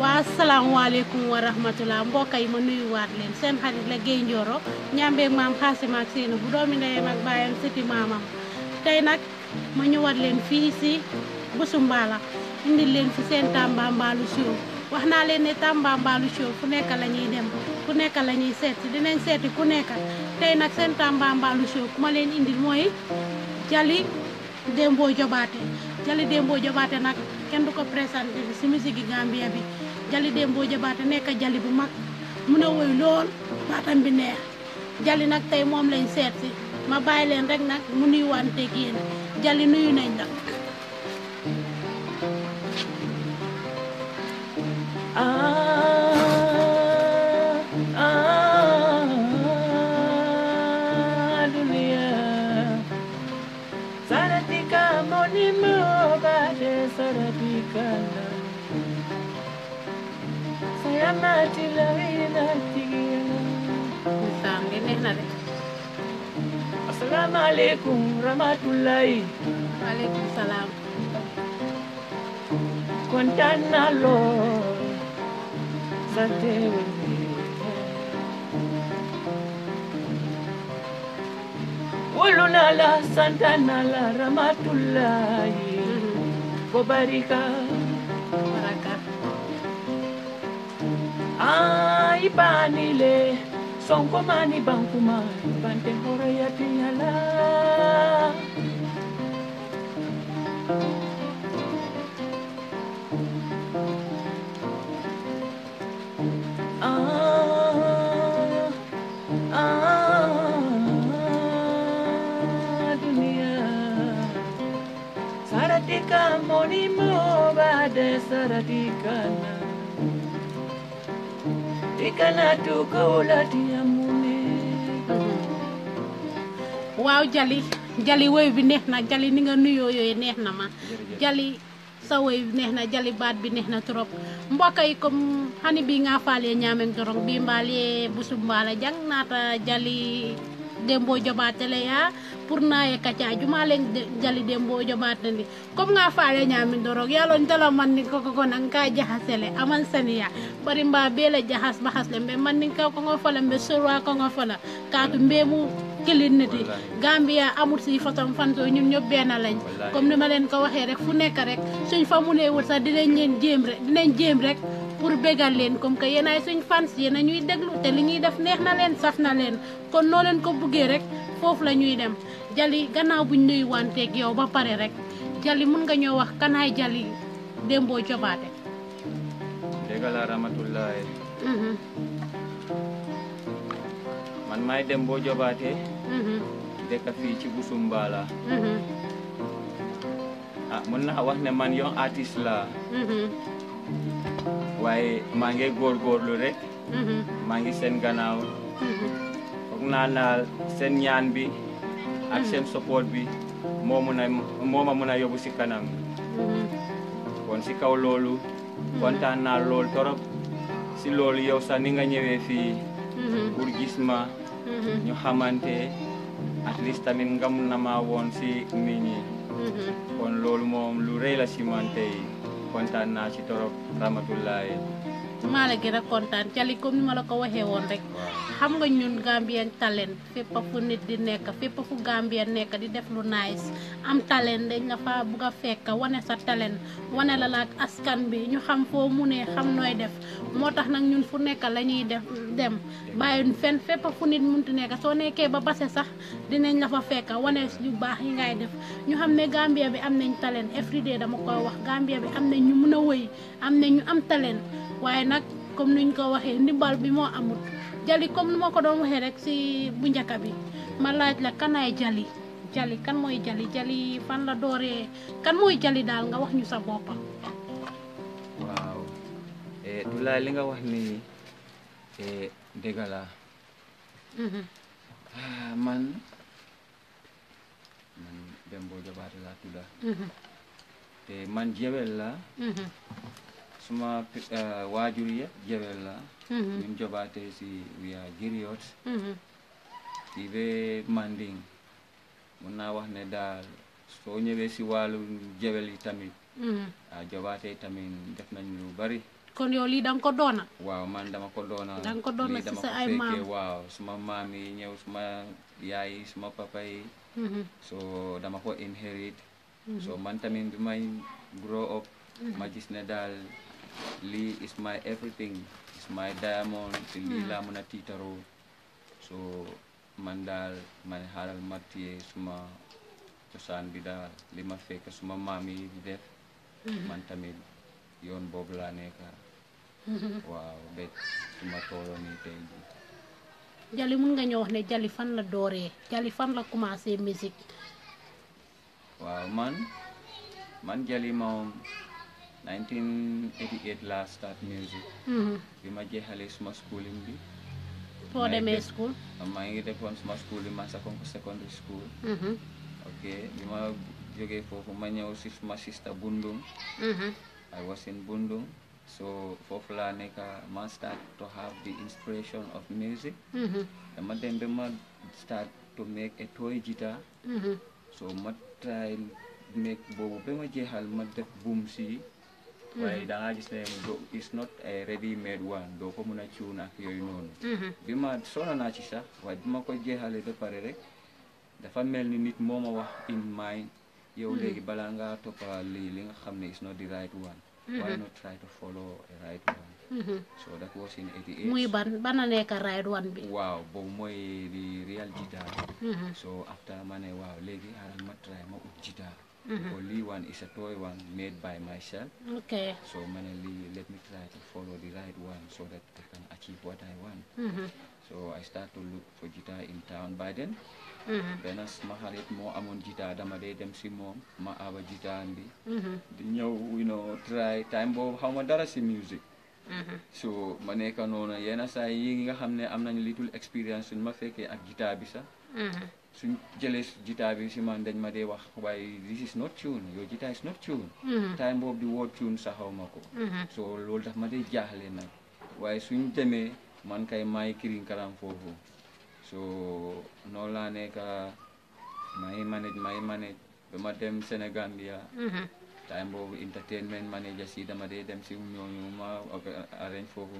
waa asalaamaaleykum wa rahmatulah mbokk yi ma nuyuwaat leen seen xarit la Gaye Njoro ñambeeg maam xaasima ak seeni bu doomi ndeyam ak baayam siti maamam tey nag ma ñëwaat leen fii si bésu indi leen fi seen Tamba Mbaalu Show wax naa leen ne Tamba Mbaalu Show fu nekk la ñuy dem ku nekk la ñuy seet dinañ seeti ku nekka tey nag seen Tamba Mbaalu Show ku ma leen indil mooy Jali Dembo Jobaate Jali Dembo Jobaate nag. kenn du ko présenté si musique yi Gambia bi Jali Dembo Jabaate nekk Jali bu mag mu ne woy lool baatam bi neex Jali nag tey moom lañ seet si ma bàyyi leen rek nag mu nuyuwanteeg yéen Jali nuyu nañ la. Ah. म्हणणार आहे अस्सलाम वालेकुम रहमतुल्लाही वालेकुम सलाम कोणत्यानालो सदेव Ulunala santanala ramatullahi kubarika baraka Ay panile mani Songkomani bangkumani bante horaya tiyala Ah, ah, dunia Saratika monimo bade saratika na fika natoka wolatia waaw Jali Jali woy bi neex na Jali ni nga nuyoo yooyu neex na ma Jali sa woy neex na Jali baat bi neex na trop mbokk yi comme xani bi nga faale ñaameng dorong bi mbaale busub mbaala jang naata Jali dembo joɓatele ya pour naye kaca juma leng jali dembo joɓate ndi comme nga faale ñamin dorog yalon tala manni koko ko nan ka jahasele aman saniya bari mba bele jahas bahas le mbe manni ka ko ngo fala mbe sorwa ko ngo fala kaatu mbemu kilinniti Gambia amul si façon fanto ñun ñëpp benn lañ comme ni ma leen ko waxee rek fu nekk rek suñ fa mu wut sax di leen jéem rek jéem rek pour bégal leen comme que yéen ay suñ fans yéen a ñuy déglu te li ñuy def neex na leen saf na leen kon noo leen ko buggee rek foofu la ñuy dem Jali gannaaw buñ nuyu wanteeg yow ba pare rek Jali mën nga ñoo wax kanaay Jali démboo Jobaate. dégg la Ramatulaay. Mm-hmm. man maay Dembo Jobaate. Mm-hmm. dëkk fii ci Busumbala. Mm-hmm. ah mun naa wax ne man yoon artiste laa. waaye gor gor lu rek. Mm-hmm. maa ngi ganaw gannaaw. Mm-hmm. foog naa naal seen ñaan bi. ak mm-hmm. sen support bi moo mun a moo ma mun si kanam. kon si kaw loolu. kontaan na lool torop si lolu yow sa ni nga ñëwee fii. pour gis ma. ñu xamanté at least tamit ngam na ma won si nit ñi. kon lolu mom lu reey la si man -hmm. kontaan naa ci torop rahmatullahi maala gi rek kontaan Jali comme ni ma la ko waxee woon rek xam nga ñun Gambian talent fépp fu nit di nekk fépp fu Gambian nekk di def lu nice am talent dañ la fa bugg fekk wane sa talent wane la laak askan bi ñu xam foo mu ne xam nooy def moo tax nag ñun fu nekk la ñuy def dem bàyyiwuñ fen fépp fu nit muntu nek so nekkee ba passé sax dinañ la fa fekk wane yu bax yi ngay def ñu xamné ne Gambia bi amnañ nañ talent everyday dama ko wax Gambia bi am ñu mëna wëy amnañ ñu am talent waye nak comme nuñ ko waxé ndimbal bi mo amul jali comme nu doon waxé rek si bu ñaka bi ma laaj la kanaay jali jali kan moy jali jali fan la doré kan moy jali dal nga wax ñu sa boppam waaw eh dula li nga wax ni eh, Teka lang. Mm-hmm. Ah, man. Man, bembo jabari la tula. Mm-hmm. Te eh, man jebel la. Mm-hmm. Suma uh, eh, wajuri ya jebel la. Mm-hmm. Nim jabate si wia giriot. Mm-hmm. Ibe manding. Mun na wax ne daal si wàllu jebel yi Mm -hmm. ah jabaate tamit def nañ lu bari. kon yow lii da nga ko doona waaw man dama ko doona da nga ko doona si waaw suma maam yi ñëw suma yaay suma papa yi mm-hmm. so dama ko inherit so mm-hmm. man tamit bi may grow up mm-hmm. ma gis ne daal lii is my everything is my diamond lii laa mën a tiitaroo so man daal man xaaral ma téye suma cosaan bi daal li ma fekk suma maam yi di man tamit yoon boobu laa nekk waaw ba suma tolo ni tay ji jali mën nga ñoo wax ne jali fan la dooree jali fan la commencé musique waaw man man jali mom 1988 la start music hmm bima jéxalé suma schooling bi foo démé school maa ngi défon suma school bi ko secondary school mhm. ok bi ma jógee foofu ma ñëw si suma sista Bundung mhm. I was in Bundung So for Flanika must start to have the inspiration of music. Mm-hmm. And then they must start to make a toy guitar. Mm-hmm. So must try make bobu be ma jehal must def boom si waaye mm-hmm. da nga gis ne is not a ready made one doo ko mën a cuun ak yooyu noonu mm-hmm. bi ma sona naa ci sax waaye bi ma ko jeexalee ba pare rek dafa mel ni nit moo wax in mind yow mm-hmm. léegi balaa ngaa toppa lii li nga xam is not the right one -hmm. why mm-hmm. not try to follow a right one? Mm -hmm. So that was in 88. Muy ban bananeka right one bi. Wow, bo moy the real guitar. Mm -hmm. So after mané wow legi aran ma try ma ut guitar. Mm Only one is a toy one made by myself. Okay. So mané li, let me try to follow the right one so that I can achieve what I want. Mm-hmm. So I start to look for guitar in town by then. Mhm. benn suma xarit moo amoon jitaa dama dee dem si moom ma aba jitaan bi mhm. di ñëw you know try time boobu xaw ma dara si musique mhm. so ma nekk noonu yenn saa yi nga xam ne am nañ little expérience suñ ma fekkee ak jitaa bi sax suñ jële jitaa bi si dañ ma dee wax waaye this is not tune yow jitaa is not tune time boobu di woo tune sax xaw ma ko so loolu daf ma dee jaaxle nag waaye suñ demee man kay maay kirin karam foofu so noonu laa nekk may manage may manage ba ma dem Sénégambia mm-hmm. time boobu entertainment manager si dama dee dem si ñooñu ma arrange foofu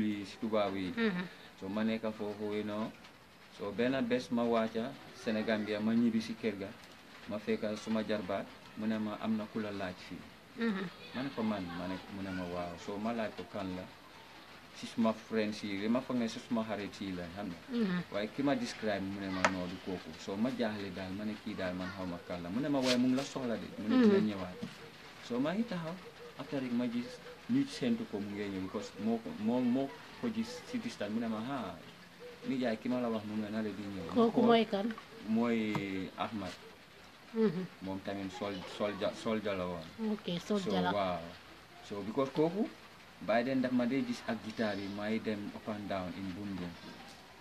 yi si tubaab yi mm-hmm. so ma nekk foofu you benn bés ma wàcca ma ñibbi si kër ga ma fekka suma jarbaat mu ne ma am na ku la laaj fii mm-hmm. ma ne ko man ma ne mu ne ma waaw so ma laaj ko kan la si suma friends ma foog sisma si suma xarit yi la ki ma describe mune ne ma no du koku so ma jaaxle dal mané ki dal man xaw ma mune ma way mu la soxla de mune dina ñëwaat so ma ngi taxaw akari ma gis ñu sentu ko mu because moko ko moo ko gis ci distance mune ma ha ni jaay ki ma la wax mu di ñëw koku moy kan moy Ahmad mhm. mom tamit sol sol sol jala okay sol so because koko by then daf ma dee gis ak guitare yi may dem up and down in Bundu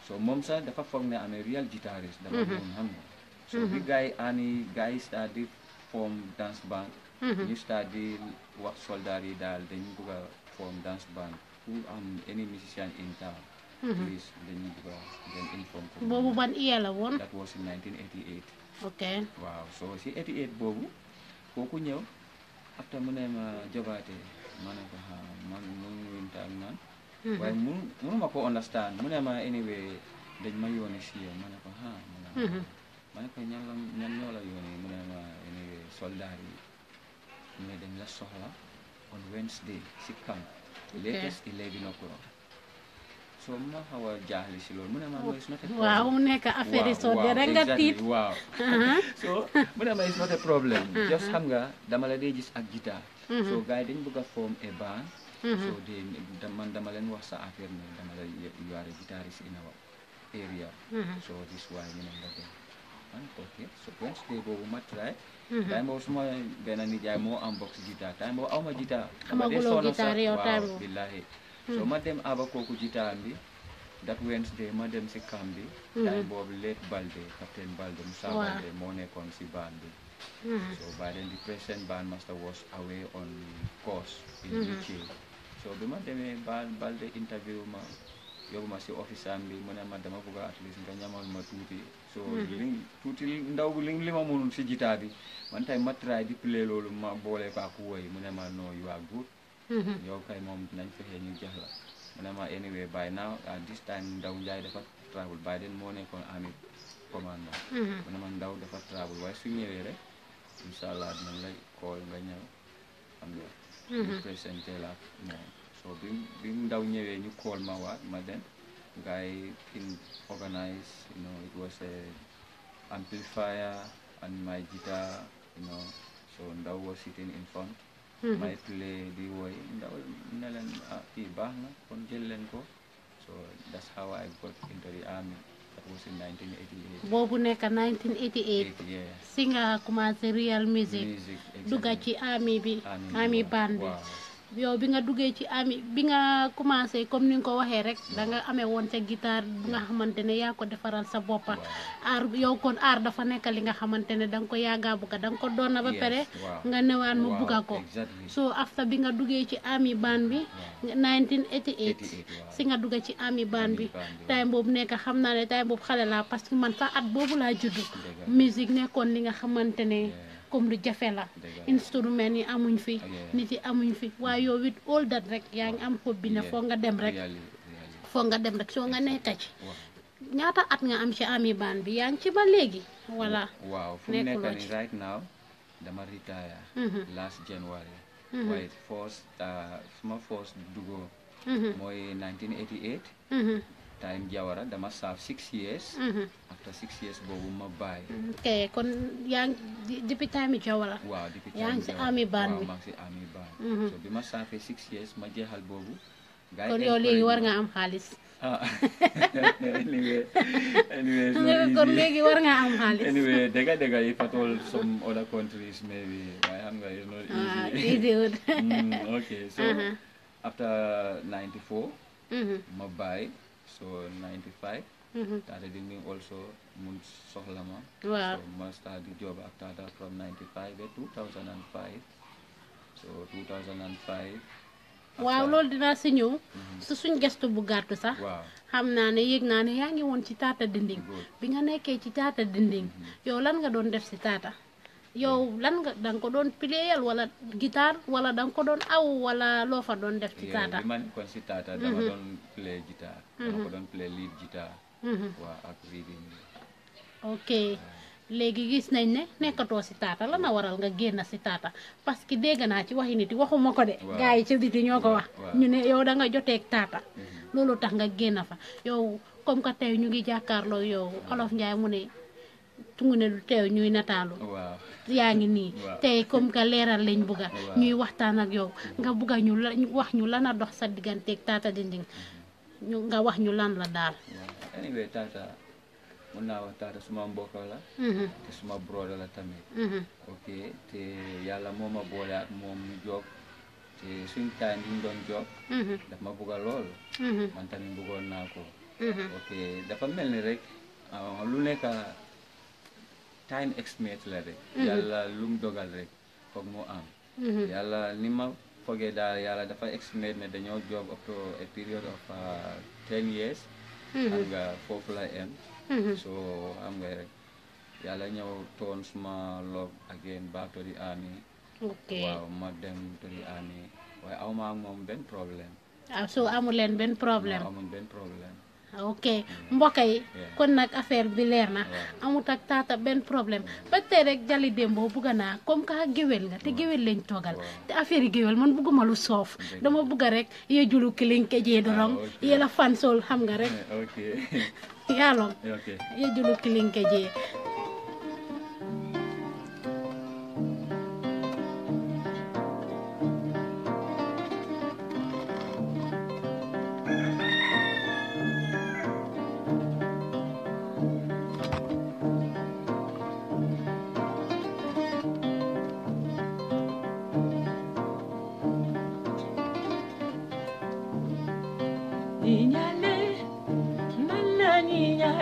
so moom sax dafa foog ne am a real guitarist dama doon mhm. xam nga so bi mhm. mhm. yi daal dañu bëgg a form dance band who am any musician in town boobu ban year la woon that was in 1988 ok waaw so si 88 boobu kooku ñëw after mu ne ma jobaatee mana ha man mun winta am nan waaye mun munuma mako understand mu ne ma anyway dañ ma yónnee si yow ma ne ko ha mu mana ma ko ñan la ñoo la ma anyway soldaar yi mu dañ la soxla on Wednesday si camp latest eleven o'clock somma hawa jahli si lool mu ne problem so mu ne ma problem just xam nga dama la agita. Mhm. so gars buka form a mhm. so dee man dama leen wax ne dama la area mhm. so this why ñu ne nga so wednesday boobu ma try time boobu suma benn nijaay moo am box guitar time boobu aw ma guitar xamaguloo guitar time so ma dem Abakoku kooku time bi that Wednesday ma dem si camp bi mhm. time boobu late Balde captain Balde Moussa moo nekkoon si baan bi mhm. so by then the present band mhm. ma si office am mu ne ma dama bëgg a at least nga ñamal ma tuuti so li tuuti ndaw bi li ma mënul si jitaa bi man tey ma try di play loolu ma boole ko woy mu ne ma no you are good Mm-hmm. yow kay moom nañ fexe ñu jox la mu ne ma anyway by now at this time Ndaw Njaay dafa travel Biden moo nekkoon ami commandant mu ne ma Ndaw dafa travel waaye su ñëwee rek incha allah dinañ la kool nga ñëw xam nga mm-hmm. Ndaw ñëwee ñu kool ma waat ma dem guy in organize you know it was a amplifier and my guitar you know so Ndaw was sitting in front Mhm. ma expliqué di wooy ndaw ah, leen ko so that's how I boobu nekk 1988 si nga commencé real music dugga ci yow bi nga duggee ci ami bi nga commencé comme ni nga ko waxee rek da nga amee woon ca guitare bu nga xamante ne yaa ko defaral sa bopp aar yow kon aar dafa nekk li nga xamante ne da nga ko yaagaa bugga danga ko doon na ba pare nga newaan mu bugga ko so after bi nga duggee ci ami band bi 1988 si nga duggee ci ami band bi time boobu nekk xam naa ne time boobu xale laa parce que man sax at boobu laa juddu musique nekkoon li nga xamante ne comme lu jafé la instrument ni amuñ fi nit yi amuñ fi wa yow wit all that rek yaa ngi am xob bi ne foo nga dem rek fo nga dem rek so nga nekka ci ñaata at nga am ci ami ban bi yaa ci ba légui voilà waaw fu nekk ni right now dama retire mhm. last January mhm. way force ah, small force dugo, moy 1988 time jawara dama saf 6 years mm -hmm. after 6 years boobu ma buy. Mhm. okay, kon yang di depuis time jawara waaw depuis time ami ban wow, si mm -hmm. so bi ma six years ma jeexal boobu kon war nga am khalis ah. anyway anyway, so 95 tata mm-hmm. di ni also mun soxla ma so ma start di job ak tata from 95 ba 2005 so 2005 waaw loolu dinaa si ñëw mm-hmm. su suñ gestu bu gàrt sax xam naa ne yéeg naa ne yaa ngi woon ci taata dinding bi nga nekkee ci taata dinding mm-hmm. yow lan nga doon def si taata yow lan nga danga ko doon piléyal wala guitare wala danga ko doon aw wala loo fa doon def ci taata ma nekkoon si dama doon pilé guitare Mhm. Mhm. ok léegi gis nañ ne nekkatoo si taata la ma waral nga génn si taata parce que dégg naa ci waxi nit yi waxuma ko de gars yi ci biti ñoo ko wax ñu ne yow da nga joteeg taata mhm. loolu tax nga génn fa yow comme que tey ñu ngi jàkkaarloo yow olof njaay mu ne tungu ne du teew ñuy nataalu yaa ngi nii tey comme que leeral lañ bugga ñuy waxtaan ak yow nga bugga ñu la wax ñu lan a dox sa digganteeg taata dinding ñu nga wax ñu lan la daal. waaw anyway taata mun naa wax taata suma mboko la. Mhm. te suma broda la tamit. Mhm. ok te yàlla moo ma boole ak moom ñu jóg te suñ taan yi ñu doon jóg. Mhm. daf ma bugg a lool. man tamit naa ko. ok dafa mel ni rek ah, lu nekk time estimate la rek. yàlla lu mu dogal rek foog mu am. yàlla ni ma. fogeɗa yo Allah dafa estimate ne dañoo job up to a period of uh, 10 years nga foofu la so xam nga rek yàlla ñëw toon suma log again back to the army okay. waaw ma dem to the army waaye awma ak moom problème ah so amu problème problème ok mbokk yi kon nag affaire bi leer na amut ak taata benn problème ba tey rek jali démboo bugg naa comme ka géwél nga te géwél leen toogal te affaire yi géwél man bugguma lu soof dama bugg rek yee julu kilin ke yee ah, la fansool xam nga rek yaalom yee julu kilin ke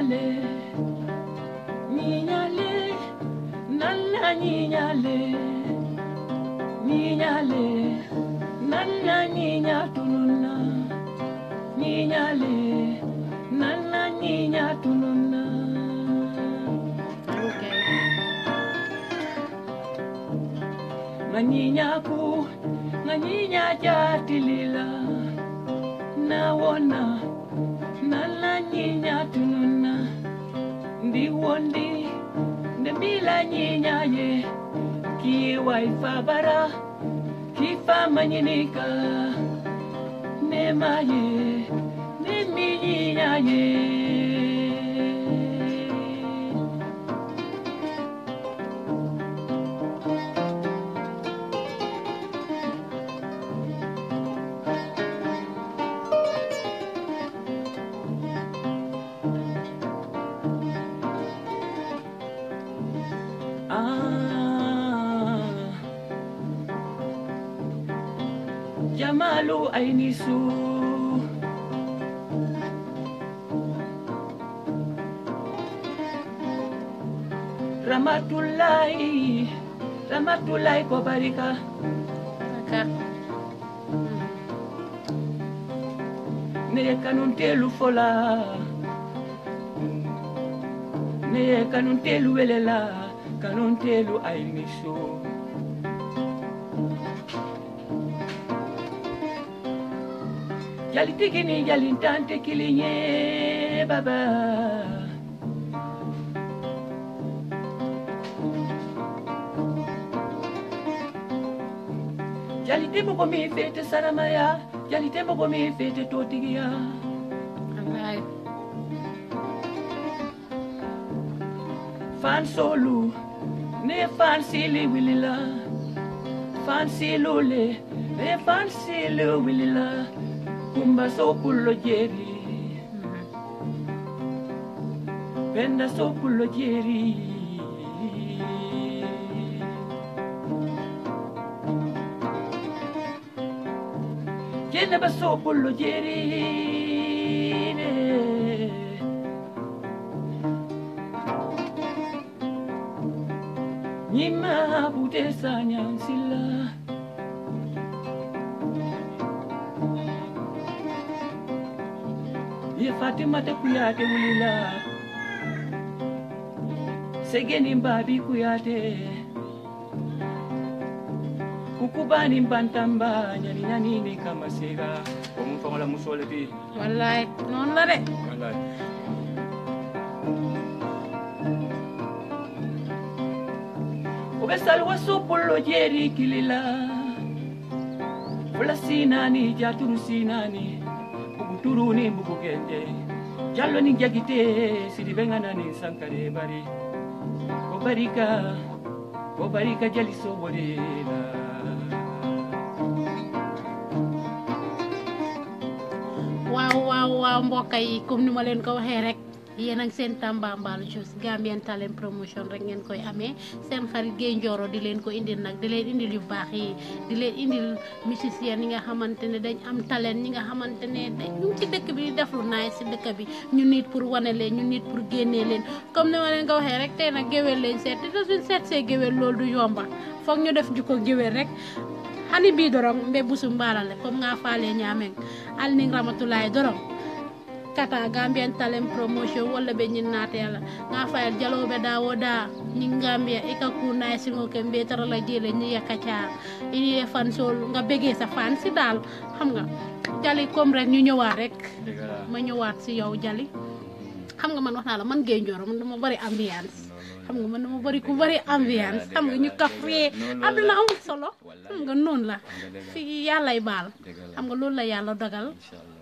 le, niñale, niñale, nana niñale, le, nana niña tuluna, niñale, nana niña tuluna. Okay. Maninya ku, maninya jatilila, na wona, nana niña tuluna bigundi ne bila nyinyaye ki waifa bara ki fa nyinika ne maye ne mi minyaye aini Ramatulai Ramatulai kobarika hmm. Neye kanun telu fola Neye kanun telu welela Kanun telu jalitikini yalintante kelen ye baba jalite mɔgɔ min fɛ saramaya jalite mɔgɔ min fɛ tɛ Fan fansolu ne fansili wilila fansilule ne fan silu wilila kumba sopulo jeri penda sopulo jeri jene ba sopulo jeri Nyima budesa nyansila Bibi Fatima ta kuyate wulila Segeni mbabi kuyate Kukubani mbantamba nyani nani ne kama sega Omuntu wala musole bi Wallahi nonna de Wallahi Obesalwa supullo jeri kilila Fula turuni mbukugende jallo ni jagite sidiɓe ganani sankare bari ko barika ko barika jali soborela waaw waaw waaw mbokk yi comme ni ma leen ko waxee rek yéen ak seen Tambambalu Show Gambian Talent Promotion rek ngeen koy amee seen xarit Gaye Njoro di leen ko indil nag di leen indil yu baax yi di leen indil musicien yi nga xamante ne dañ am talent ñi nga xamante ne dañ ñu ci dëkk bi def lu si dëkk bi ñu nit pour wane leen ñu nit pour génnee leen comme ni ma leen ko waxee rek tey nag géwél leen seet te suñ seet see géwél lool du yomba foog ñu def jikko géwél rek hani bii dorong mbe busu mbaala le comme nga faale ñaameng al ning ramatulaay dorong kata gambian talent promotion wala be nyinnatela nga fayal woda. be da ñin gambia e ka nay singo ke mbetara la jele ñi ya ini e fansol nga bege sa fansi dal xam nga jali kom rek ñu ñëwaat rek ma ñëwaat si yow jali xam nga man waxna la man gey njooro man dama bari ambiance xam nga man dama bari ku bari ambiance xam nga ñu aduna am solo xam nga non la fi yàllay bal xam nga loolu la yalla dogal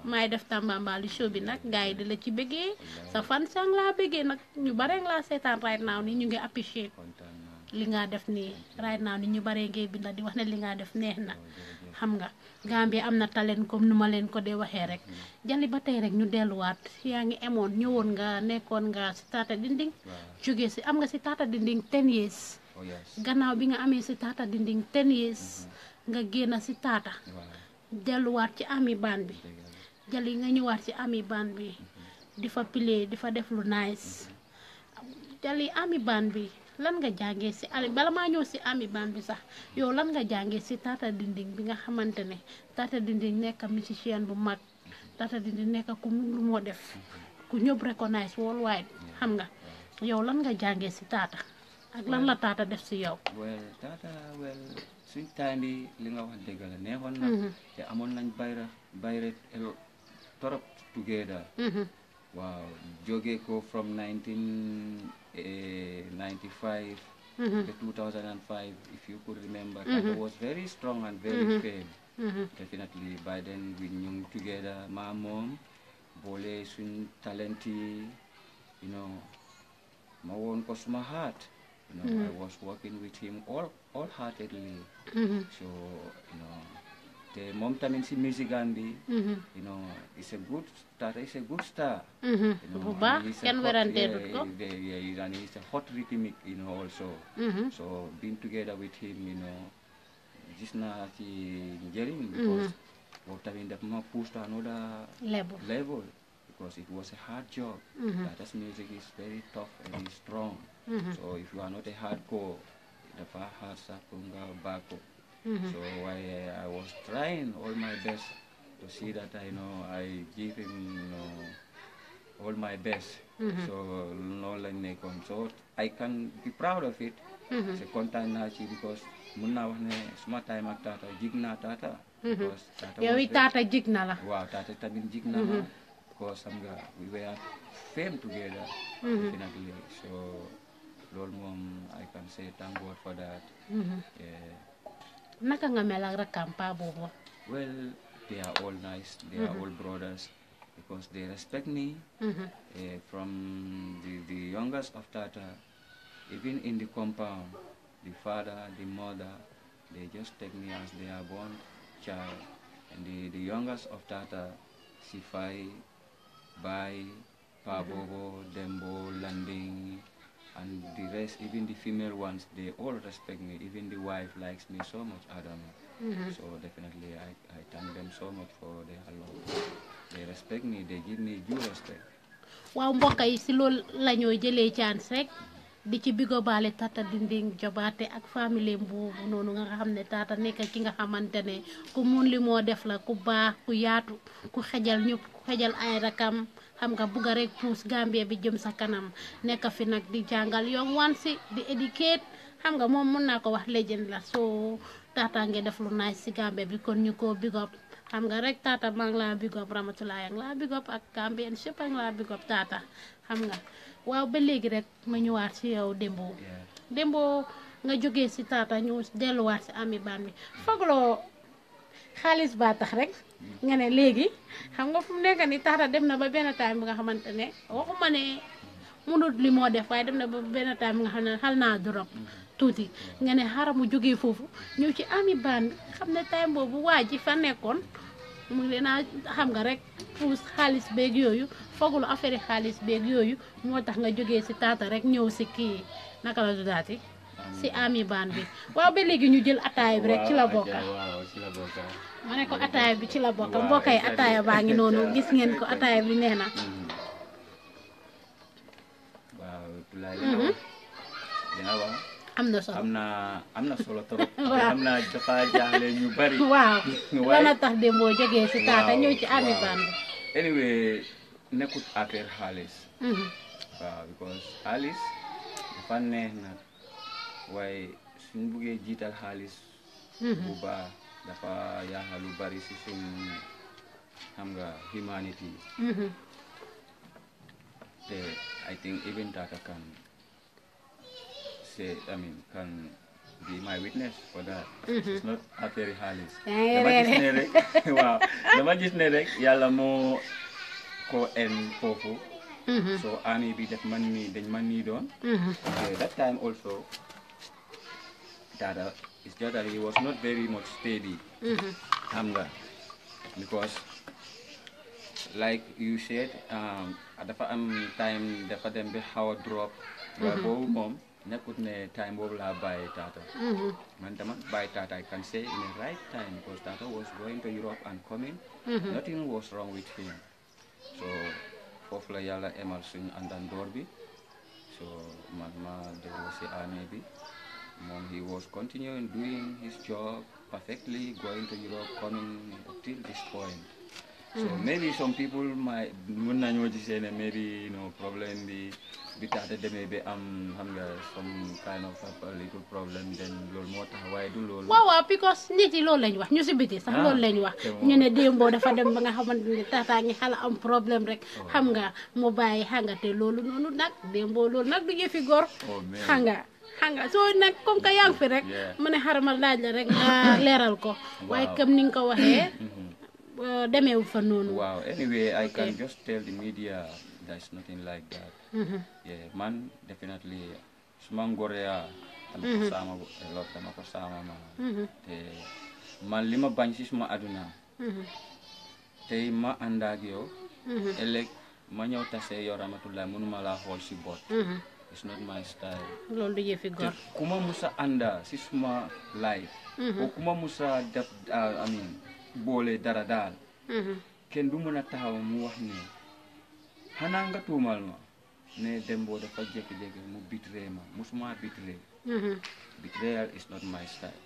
may def tambambali show bi nak gars di la ci beggé sa fan sang la beggé nak ñu bare la sétan right now ni ñu ngi appreciate li nga def ni right now ni ñu bare ngee binda di wax ne li nga def neex eh xam nga Gambie am na talent comme numa len ko dee waxé rek jali ba tay rek ñu delluwaat yaa ngi émone ñëwoon nga nékkon nga ci tata dinding jogé si am nga sitata tata dinding 10 years oh, gannaaw bi nga amé ci tata dinding 10 years nga ci tata delu wat ci ami ban bi jali nga ñëwaat ci ami ban bi di fa pilé di fa def lu nice jali ami ban bi lan nga jàngee si ali bala maa ñëw si ami ban bi sax yow lan nga jàngee si tata dinding bi nga xamante ne tata dinding nekk musicien bu mag tata dinding nekk ku lu moo def ku ñëpp worldwide xam nga yow lan nga jàngee si tata ak lan la tata def si yow well tata well suñ time li nga wax dëgg la neexoon na mm-hmm. te amoon nañ bayra bayra together. Mm-hmm. wow. Joe ko from 1995. Eh, mm-hmm. to 2005 if you could remember. it mm-hmm. was very strong and very firm. definitely by then we knew together My mom, boole suñ talenti. you know my own ko my heart. you know I was working with him all all heartedly. so you know the uh, mom tamin si Mirzi you know is a good star is a good star you know can guarantee yeah, yeah, yeah, and he's a hot rhythmic you know also so being together with him you know gis naa ci njëriñ because boobu tamit daf ma push to another level level because it was a hard job that music is very tough and strong so if you are not a hardcore dafa hard sax pour Mm-hmm. So I, I was trying all my best to see that I know I give him you know, all my best. Mm -hmm. So no lañ so I can be proud of it. C'est mm-hmm. content naa because mun naa smart time ak taata jig naa taata. Mm-hmm. because taata yow it taata jig na la. waaw taata tamit jig na because xam nga we were fame together. definitely so Lord Mom, I can say thank God for that. Yeah naka nga melagra kampa bobo well they are all nice they mm -hmm. are mm-hmm. all brothers because they respect me mm -hmm. uh, from the, the youngest of tata uh, even in the compound the father the mother they just take me as their born child and the, the youngest of tata uh, sifai bai pabobo mm-hmm. dembo landing and the rest, even the female ones, they all respect me. Even the wife likes me so much, Adam. Mm -hmm. So definitely, I, I thank them so much for their love. They respect me. They give me due respect. waaw mbokk yi si loolu la ñoo jëlee chance rek di ci bigo baale tata dinding jobate ak family boobu noonu nga xam tata nekk ki nga xamante ne ku mun li moo def la ku baax ku yaatu ku xejal ñëpp xejal ay rakam xam nga buga rek pousse Gambia bi jëm sa kanam nekk fi nak di jangal yo wan si di educate xam nga mom mën nako wax legend la so, tata nge def lu nice ci Gambia bi kon ñuko big up xam nga rek tata maa ngi laa big up Ramatulaay ak big up ak Gambien chëpp ak la big up tata xam nga waaw ba legi rek ma ñëwaat ci yow Dembo Dembo nga jógee si tata ñu waat ci ami bammi foglo xaalis baa tax rek nga ne léegi xam nga fu mu nekk ni tax dem na ba benn time bi nga xamante ne waxuma ne munut li moo def waaye dem na ba benn time bu nga xam ne xal naa drop tuuti nga ne xaaral jógee foofu ñëw ci ami band xam ne time boobu waa ji fa nekkoon mu ngi naa xam nga rek puus xaalis beeg yooyu fooglu affaire xaalis beeg yooyu moo tax nga jóge si taata rek ñëw si kii naka la du si ami baan bi waaw ba léegi ñu jël ataay bi rek ci la bokka ma ne ko ataay bi ci la bokka mbokk yi ataaya baa ngi noonu gis ngeen ko ataaya bi nee na mm-hmm. mm-hmm. ya, am na solo am na am na solo trop am na joxaa ñu bari waaw lan a tax démboo jógee si taata ñëw ci ami baan anyway nekut affaire xaalis mm-hmm. waaw because xaalis dafa neex na? waaye suñ buggee jiital xaalis mhm. bu baax dafa yaaxa lu bari si suñ xam nga humanity mhm. te I think even Tata can say I mean can be my witness for that mhm. it's not affaire xaalis eh, eh, eh. dama gis ne rek waaw yàlla moo ko en foofu so ami bi def man mi dañ man nii doon that time also It just that he was not very much steady, mm -hmm. because like you said, um, at the um, time the father how drop, where mm -hmm. mom. could ne time boobu laa bàyyi taata mm-hmm. man dama bàyyi I can say in the right time because taata was going to Europe and coming mm-hmm. nothing was wrong with him so foofu la Emerson and then Dorby. so my ma déglu si ah, maybe. Mom, he was continuing doing his job perfectly, going to Europe, coming till this point. So mm. maybe some people might mun nañoo gisee ne maybe you know problème bi bi tax a demee ba am um, xam nga some kind of a little problem then loolu moo tax waaye du loolu. waaw waaw because nit yi loolu lañ wax ñu ci biti sax ah, loolu lañ wax. ñu ne démboo dafa dem ba nga xamanteni tata ngi xala am problem rek. Oh. xam nga mo bàyyi xam nga te loolu noonu nag démboo loolu nag du yëfi gor. Oh, xam nga so so nak nag ka yag fi rek mané xaramal la rek nga ko way kam ni nga eh, waxé démé wu fa non wow anyway I can just tell the media there's nothing like that mm-hmm. yeah man definitely suma ngoreya dama ko mm-hmm. sama lot dama ko sama ma mm-hmm. te man lima bañ ci suma aduna tey ma andak ak yow elek ma ñew tassé yow rahmatullah mënuma la xol si bot it's not my style Lolo ye figure. Kuma musa anda, si suma life o mhm. kuma musa musa uh, ah, I mean bole daradal. daal mhm. kenn Ken mën na taxaw mu wax ne xanaa nga tuumal ma ne Dembo dafa jékki-jékki mu bitre ma musuma bitree mhm. betrayal is not my style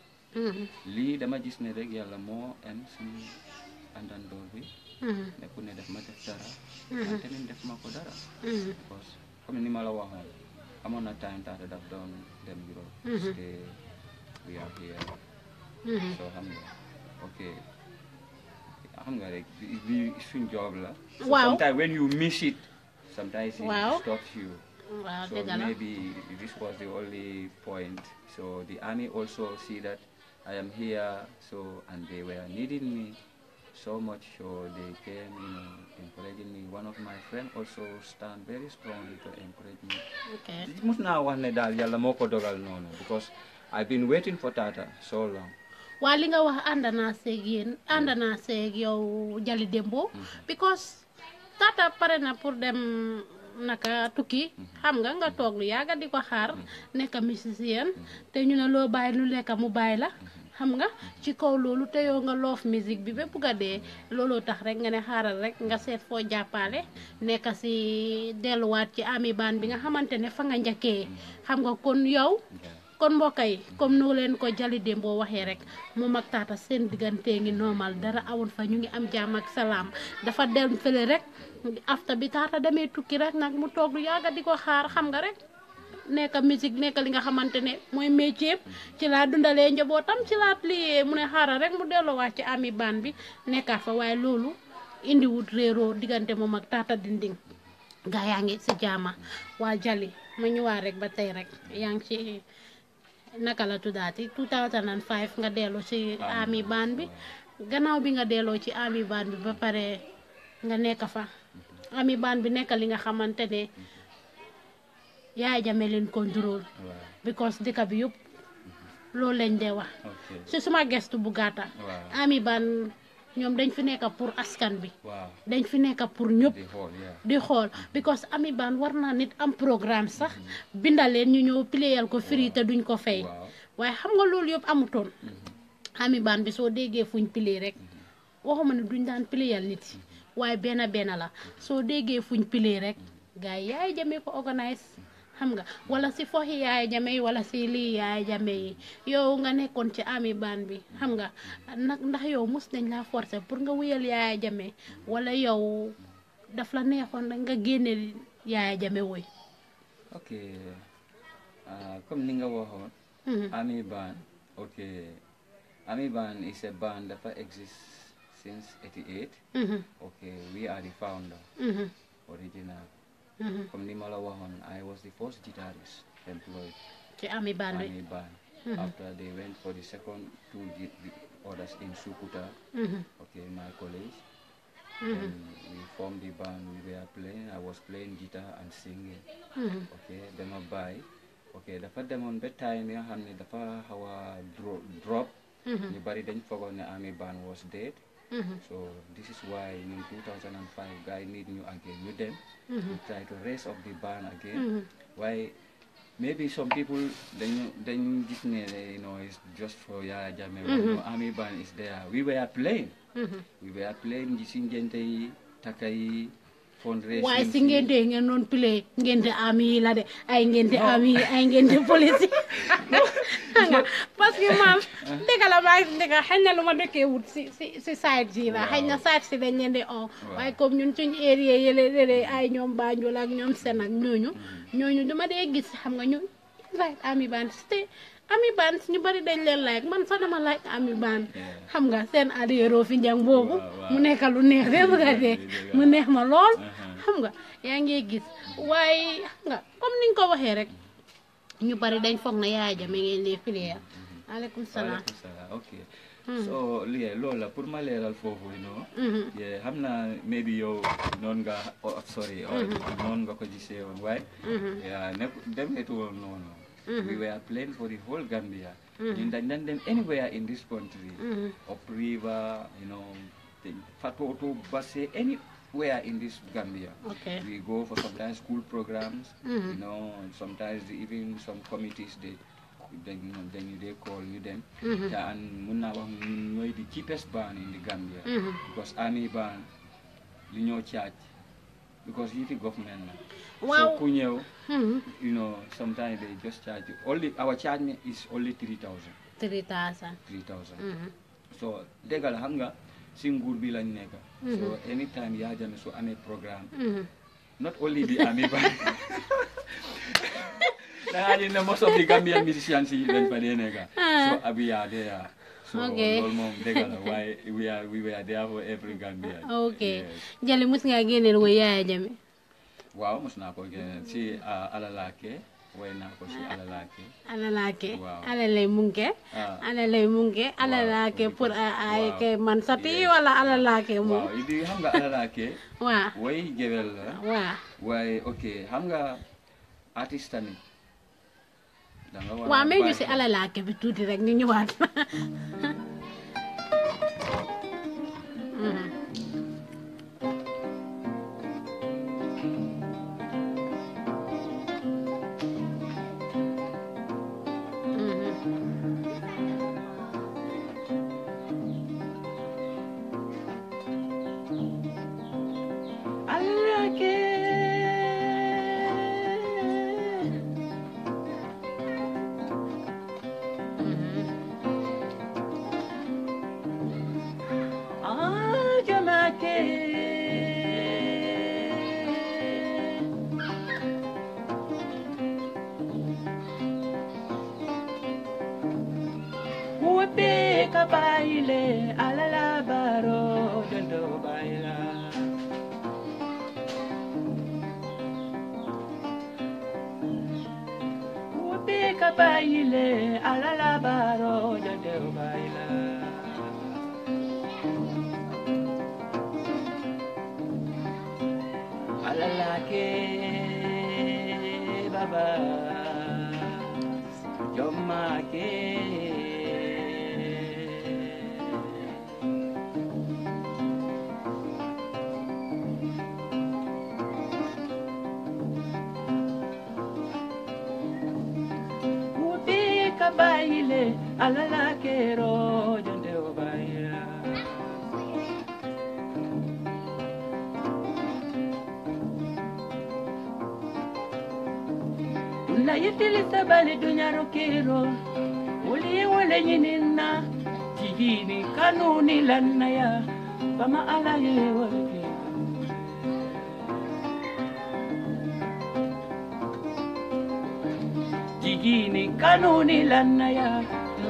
Li dama gis ne rek yàlla moo am suñu àndandoor bi ne ku ne def ma def dara man tamit def ma ko dara because kami ni malawahan. la waxoon I'm on a time that I've done them. Europe. parce que we are here. Mm-hmm. I'm here. ok I'm gonna bi suñ job la. waaw sometimes when you miss it. sometimes it stops you. Wow, so maybe this was the only point. So the army also see that I am here, so and they were needing me. so much so naa wax ne daal yàlla moo ko dogal noonu because I've been li nga wax ànd naa seeg yéen ànd naa seeg yow Jali Dembo mm-hmm. because Tata pare na pour dem naka tukki mm-hmm. xam nga nga toog lu yàgga di ko xaar mm-hmm. nekka musicien te ñu ne loo bàyyi lu lekka mu bàyyi la xam nga ci kaw loolu teyoo nga loof musique bi bépp nga dee looloo tax rek nga ne xaaral rek nga seet foo jàppale nekk si delluwaat ci ami bi nga xamante ne fa nga njëkkee xam nga kon yow kon mbokk yi comme noo leen ko jali démb boo waxee rek moom ak taata seen diggantee ngi normal dara awun fa ñu ngi am jaam ak salaam dafa del fële rek afta bi taata demee tukki rek nag mu toog lu yàgg di ko xaar xam nga rek nekk musique nekk li nga xamante ne mooy métier ci laa dundalee njabootam ci laa liyee mu ne xaaral rek mu delloowaat ci ami baan bi nekkaat fa waaye loolu indiwut réeroo diggante moom ak Tata yaa ngi si jaama waa Jali ma ñëwaat rek ba tey rek yaa ngi ci la tuddaati 2005 nga delloo ci bi gannaaw bi nga delloo ci ami baan bi ba pare nga nekk fa bi nekk li nga xamante yaay jamee leen contrôle because dëkk bi yëpp loolu lañ dee wax si suma gestu bu gàtta ami ñoom dañ fi nekk pour askan bi dañ fi nekk pour ñëpp di xool because ami war naa nit am programme sax mm-hmm. bindaleen ñu ñëw pileyal ko free te duñ ko fay waaye xam nga loolu yëpp amutoon mm-hmm. ami bi soo déggee fuñ piley rek mm-hmm. waxuma ne duñ daan pileyal nit yi waaye benn benn la soo déggee fuñ piley rek gars yi yaay jamee ko organise xam nga wala si foxi yaay jame yi wala si lii yaay jame yi yow nga nekkoon ci ami baan bi xam nga nag ndax yow mus nañ laa forcer pour nga wuyal yaay jame wala yow daf la neexoon nga génne yaay jame woy ok ah, comme ni nga waxoon mhm. ami baan ok ami baan is a band dafa exist since 88 mhm. ok we are the founder mhm. original comme mm-hmm. ni ma la waxoon I was the first guitarist employed. Ami Band Ami Band. Mm-hmm. went for the second two others in Sukuta. Mm-hmm. okay my college. Then we formed the band we were playing I was playing guitar and singing. okay dama bàyyi. ok dafa demoon ba time yoo xam ne dafa xaw drop. ñu bari dañ foogoon ne Ami Band was dead. Mm-hmm. So this is why in 2005 guy need new again with them. Mm mm-hmm. -hmm. try to raise up the ban again. Mm -hmm. Why maybe some people then then this eh, you know is just for Yaya Jame. Mm-hmm. No army ban is there. We were playing. We were playing Jisingente, Takai, waaye si ngeen dee ngeen doon pile ngeen di am yi la de ay ngeen di am yi ay ngeen di police nga parce que maam ah. dëgg la maa ngi dëgg xëy na lu ma dëkkee wut si si si side si la xëy na side si dañ leen di o waaye comme ñun suñ area yële yële ay ñoom Banjul ak ñoom Sen ak ñooñu mm-hmm. ñooñu dama dee gis xam nga ñun right ami band stay ami baan ñu bari dañ leen like man fa ma like ami baan xam nga seen adiyeeroo fi njàng boobu mu nekk lu neex rek nga dee mu neex ma lool uh-huh. xam nga yaa ngi gis waaye xam nga comme niñ ko waxee rek ñu bari dañ foog na yaay jame ngeen ne filière aleykum salaam ok hmm. so lii la pour ma leeral foofu mm-hmm. xam naa maybe yow noonu nga oh, sorry oh, mm-hmm. noonu nga ko gisee woon waaye mm-hmm. nekk demeetu woon noonu -hmm. We mm-hmm. were playing for the whole Gambia. Mm -hmm. You can them anywhere in this country, mm -hmm. up river, you know, Fatoto, Basse, anywhere in this Gambia. Okay. We go for sometimes school programs, mm -hmm. you know, and sometimes even some committees they then you know, then you, they call you them mm-hmm. and munawa ñoy the cheapest band in the Gambia mm -hmm. because army band you know, charge because yi the government la Wow. So kunyew, mm you hmm. know, sometimes they just charge you. Only our charge is only three thousand. Three thousand. Three thousand. Mm-hmm. So degal hanga singur bilan nega. So hmm. anytime ya jam so ame program. Mm-hmm. Not only the army but most of the Gambian musicians even pa nega. So ah. we are there. So okay. why we are we were there for every Gambian. Okay. Yes. Jale mus nga genel we ya waaw mos naa ko si alalaake way naa ko si ah, alalaake alalaake alalay ah. alalaake pour ah, ay kay man sati wala alalaake moom waaw di xam nga alalaake waaw way géwél la waaw waaye ok nga artiste tamit da nga ñu si alalaake bi tuuti rek ñu ñëwaat alala kero jonde obaira Una yitili sabali dunyaro kero Uli wale nyinina Tijini kanuni lanna ya. Pama ala yewe. Tijini kanuni lanna ya.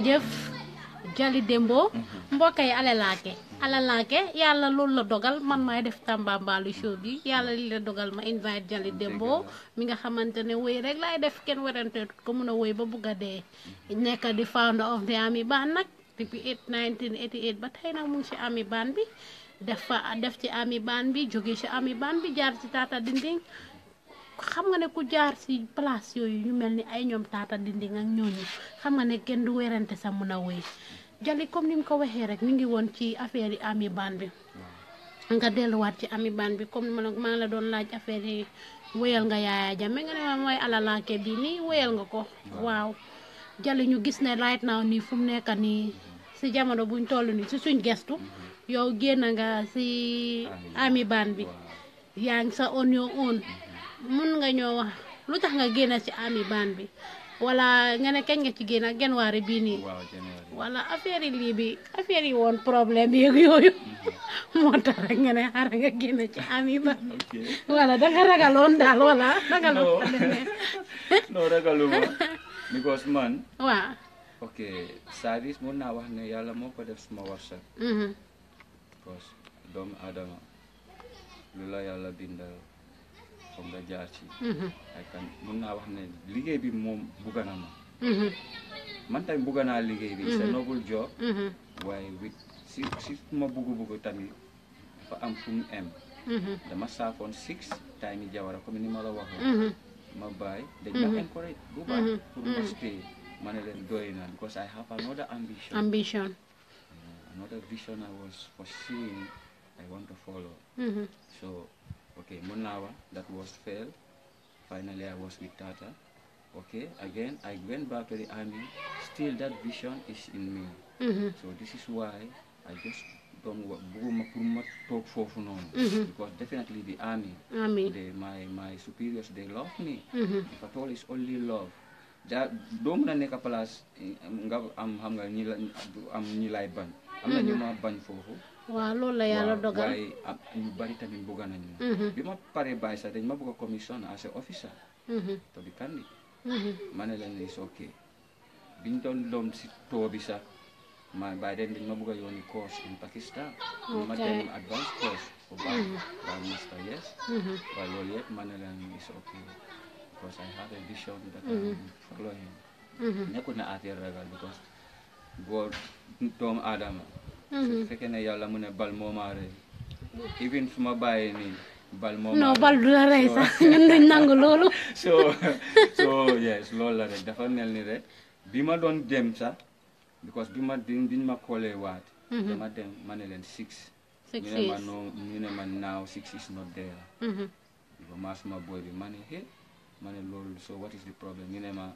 jëf Jali Dembo mhm. mbokk yi alalaake alalaake yàlla loolu la dogal man maay def Tambambalu show bi yàlla li la dogal ma invite Jali Dembo mi nga xamante ne woy rek laay def kenn werante ko mën a woy ba bugg a dee mhm. nekk di founder of the Ami Band nag depuis ba tey nag mu ngi ci Ami Band bi def fa def ci Ami Band bi jóge si Ami Band bi jaar ci Tata Dinding xam nga ne ku jaar si place yooyu ñu mel ni ay ñoom taata dinding ak ñooñu xam nga ne kenn du werante sa mun a wéy jali comme ni ko waxee rek mi ngi woon ci affaire yi ami ban bi nga delluwaat ci ami ban bi comme ma maa la doon laaj affaire yi wéyal nga yaaya jame nga ne mooy alalaake bi nii wéyal nga ko waaw jali ñu gis ne right now nii fu mu nekk nii si jamono buñ toll nii si suñ gestu mm-hmm. yow génn nga si ami ban bi yaa sa on your own mun nga ñoo wax lu tax nga génn ci ami baan bi wala nga ne kañ nga ci génn ak janwaari bii nii. wala affaire yi lii bi affaire yi woon problème yeeg yooyu mhm. moo tax nga ne xaaral nga génn ci ami ba wala danga ragaloon daal wala ragaloon non ragaluma because man waaw ok mun naa wax ne yàlla moo ko def suma warsak mhm. because doomu lu la yàlla bindal foog nga jaar ci. Mm-hmm. ay kan mun naa wax ne liggéey bi moom bugga na ma. Mm-hmm. man tamit bugga naa liggéey bi. c'est mm-hmm. noble job. waaye wit si si ma bugg bugg tamit dafa am fu mu em. dama saafoon six time yi jawara comme ni ma la waxee. ma bàyyi dañ ma encourage bu baax. pour ma stay ma ne leen doy na because I have another ambition. ambition. another vision I want to follow. okay Monawa that was failed. finally I was with Tata okay again I went back to the army still that vision is in me mm -hmm. so this is why I just don't to talk for now. Mm-hmm. because definitely the army, army. They, my my superiors they love me mm -hmm. but all is only love da doom na nekk place i eh, am xam nga la am ban am na ñu mm-hmm. ban for foofu waaw loolu la yàlla dogal waaye ak ñu bari tamit bugga nañ ma mhm. bi ma paree bàyyi sax dañ ma bugg a commission as a officer mhm. to be candid mhm. ma ne leen is ok biñ doon doom si too bi sax ma bàyyi dem dañ ma bugg a yooni course in Pakistan ma dem advance course bu baax waaye master yes waaye loolu yëpp ma ne leen is ok because I have a vision that I'm following nekkul ne affaire ragal because boo doomu aadama Mm-hmm. su fekkee ne yàlla mu ne bal moo maa rey even su ma bàyyee nii bal moo non bal du la rey sax ñun duñ nangu loolu so so yes la rek dafa mel ni rek bi ma doon dem sax because bi ma di diñ ma koolee waat mm-hmm. dama dem ma ne leen six ñu ne ma no ñu ma naaw six is not there mm-hmm. suma booy bi ma ne he ma ne loolu so what is the problem ñu ne ma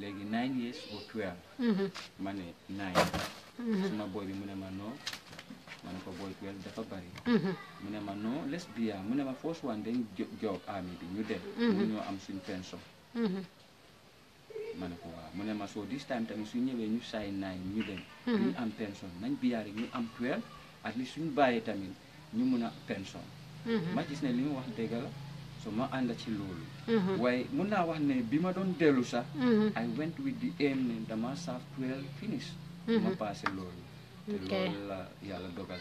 léegi nine years or twelve mm-hmm. ma ne nine mm-hmm. suma booy bi mu ne ma non ma ne ko booy twelve dafa bari mm-hmm. mu ne ma non les bia mu ne ma force one dañ job army bi ñu dem mu ñoo am suñ pension ma ne ko waaw mu ne ma soo this time tamit su ñëwee ñu say nine ñu dem ñu am pension nañ bia rek ñu am twelve at least suñ bàyyee tamit ñu mun a pension ma gis ne li mu wax dëgg la so ma ànd ci loolu Mm-hmm. Why muna wah ne bima don delusa? Mm-hmm. I went with the aim ne dama saaf twelve finish mm-hmm. ma passé loolu te loolu la ya dogal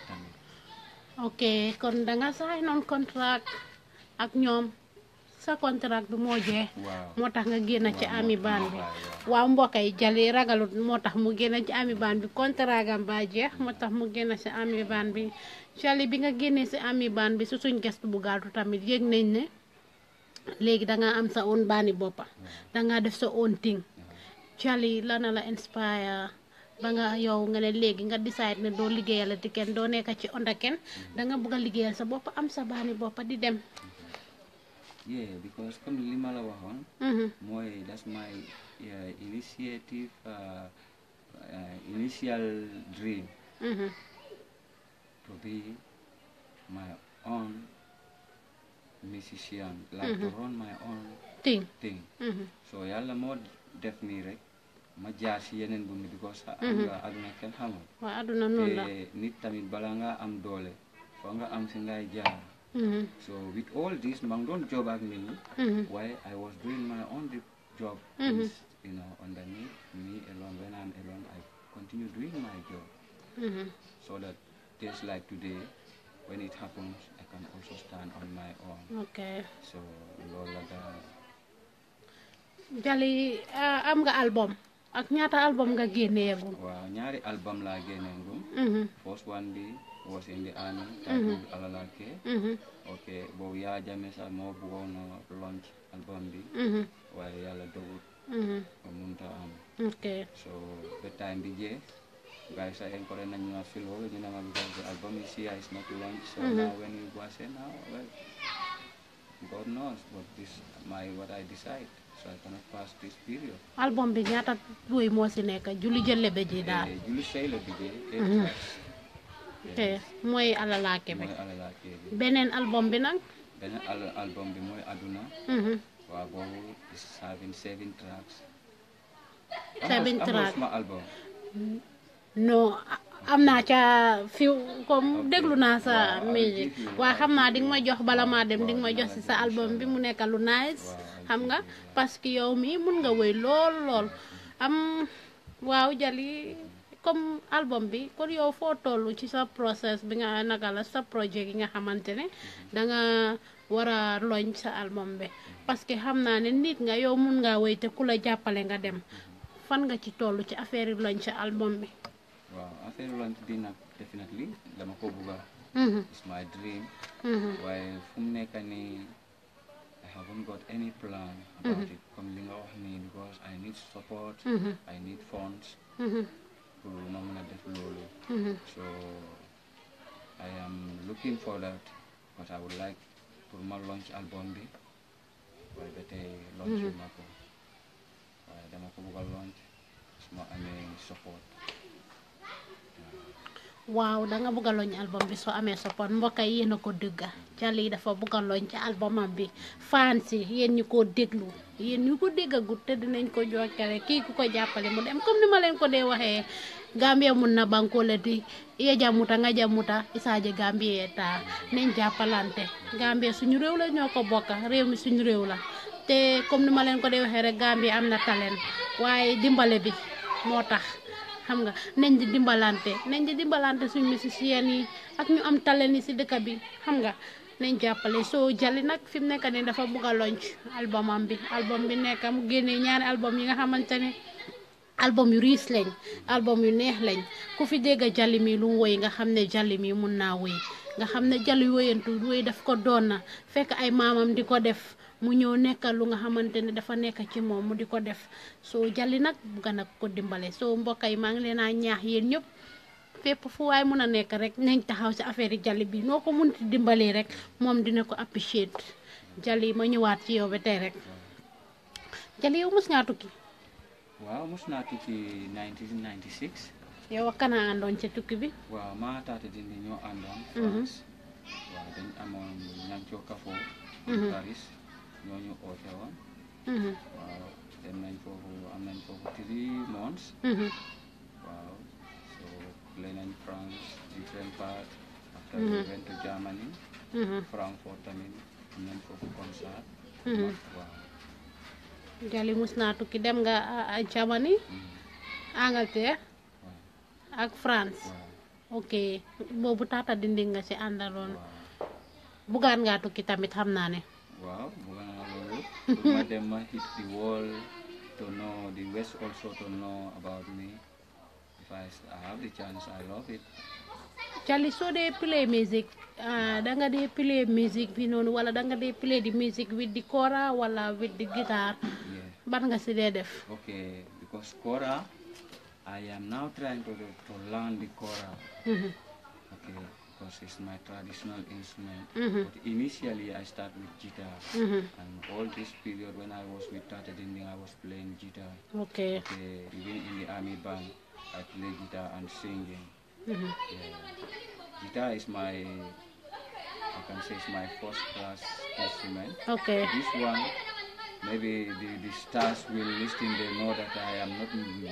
ok kon danga sa non contract ak nyom sa contract du moo jeex moo nga génn ci ami baan bi waaw mbokk yi jali ragalut moo mu génn ci ami baan bi contrat am ba jeex mu ci ami baan bi jali bi nga génnee ci ami baan bi su suñ gestu bu gaatu ne légui da nga am sa own bani bopa da nga def sa own thing chali la na la inspire ba nga yow nga ne légui nga decide ne liggéeyal liggéeyalati kenn do nekk ci onda kenn da nga bëgg liggéeyal sa bopa am sa bani bopa di dem. yeah because comme li ma la hmm moy that's my yeah initiative uh uh initial dream. Mm-hmm. to be my own. musician like mm -hmm. to mm-hmm. run my own thing thing mm -hmm. so yàlla moo def nii rek ma jaar si yeneen bundi because aduna kenn xamul waaw aduna noonu la nit tamit balaa nga am doole foo nga am si ngay jaar mm-hmm. so with all this ma ngi doon job ak nit ñi mm-hmm. waaye I was doing my own job you know underneath me alone when I'm alone I continue doing my job so that days like today when it happens, I can also stand on my own. Okay. So, Lola Jali, eh, am nga album? Ak ñaata album nga génnee ñaari album laa génnee mm-hmm. First one bi was in the army, titled mm -hmm. Alalake. Mm sax moo bëggoon a album bi. Mm-hmm. Waaye yàlla dogut. Mm -hmm. am. Okay. So, the time bi jeex. guys I encourage nañu ma feel whole you know because I bi ñaata woy moo ci nekk julli jëlle be ji daal julli say la bi mooy alalaake bi beneen album bi nag beneen album bi mooy aduna seven tracks seven tracks non am naa ca fi comme déglu naa sa musique waa xam naa di nga ma jox bala maa dem di nga ma jox si sa album bi mu nekk lu nice xam nga parce que yow mii mun nga woy lool lool am waaw jali comme album bi ko yow foo toll ci sa process bi nga naka la sa projet yi nga xamante ne da nga war a loñ sa album bi parce que xam naa ne nit nga yow mun nga woy te ku la jàppale nga dem fan nga ci toll ci affaire yi loñ sa album bi Well, I think Roland Dina definitely. Lamakobuga mm -hmm. is my dream. Mm -hmm. While Fumnekani, I haven't got any plan about mm -hmm. it. Coming out me because I need support, mm -hmm. I need funds. Mm-hmm. mm-hmm. So I am looking for that, but I would like to launch album B. Well, better launch mm -hmm. Mako. Uh, the Mako launch, I mean support. waaw danga bugg a loñ album bi soo amee support mbokk yi yéen a ko dégga Jally dafa bugg a loñ ci albumam bi fans yi yéen ñu ko déglu yéen ñu ko déggagut te dinañ ko jokkale kii ku ko jàppale mu dem comme ni ma leen ko dee waxee Gambia mun na bankoole di ye jamuta nga jamuta isaaje Gambia ta nañ jàppalante Gambia suñu réew la ñoo ko bokk réew mi suñu réew la te comme ni ma leen ko dee waxee rek Gambia am na talent waaye dimbale bi moo tax xam nga nañ di dimbalante nañ di dimbalante suñu siyeen yi ak ñu am talent yi si dëkk bi xam nga nañ jàppale soo jali nag fi mu nekk nii dafa bugg a lonc albumam bi album bi nekk mu génnee ñaari album yi nga xamante ne album yu riis lañ album yu neex lañ ku fi dégg jali mi lu mu woy nga xam ne jali mun naa woy nga xam ne jali woyantu woy daf ko doon na fekk ay maamam di ko def mu ñew nekkal lu nga xamantene dafa nekk ci mom mu diko def so jali nak bu gëna ko dimbalé so mbokay ma ngi leena ñaax yeen ñep fépp fu way mëna nekk rek nañ taxaw ci affaire jalli jali bi noko ko munti dimbalé rek mom dina ko appreciate jali ma ñëwaat ci yow ba rek jali yow musna tukki. waaw musna tukki 1996. yow ak andon kan ci tukki bi. waaw ma taata dindi ñoo andon mhm. waaw dañ ñan ci kafo Paris ñooñu oote woon waaw dem nañ foofu am nañ three months mm-hmm. waaw so France different part after we mm-hmm. went to Germany mm-hmm. Frankfurt tamit am nañ concert waaw jali tukki dem nga Germany Angleterre ya? ak France ok nga ci àndaloon tukki tamit xam ne wow people. Some hit the wall, don't know. The West also don't know about me. If I have the chance, I love it. Charlie, so they play music. Uh, danga they play music bi know, wala danga they play the music with the kora wala with the guitar yeah. ban nga si def okay because kora i am now trying to to learn the kora -hmm. okay because it's my traditional instrument. Mm -hmm. But initially, I start with guitar. Mm -hmm. And all this period when I was with Tata Dinding, I was playing guitar. Okay. okay. Uh, even in the army band, I play guitar and singing. Mm -hmm. yeah. Guitar is my, I can say it's my first class instrument. Okay. This one, maybe the, the stars will listen, they know that I am not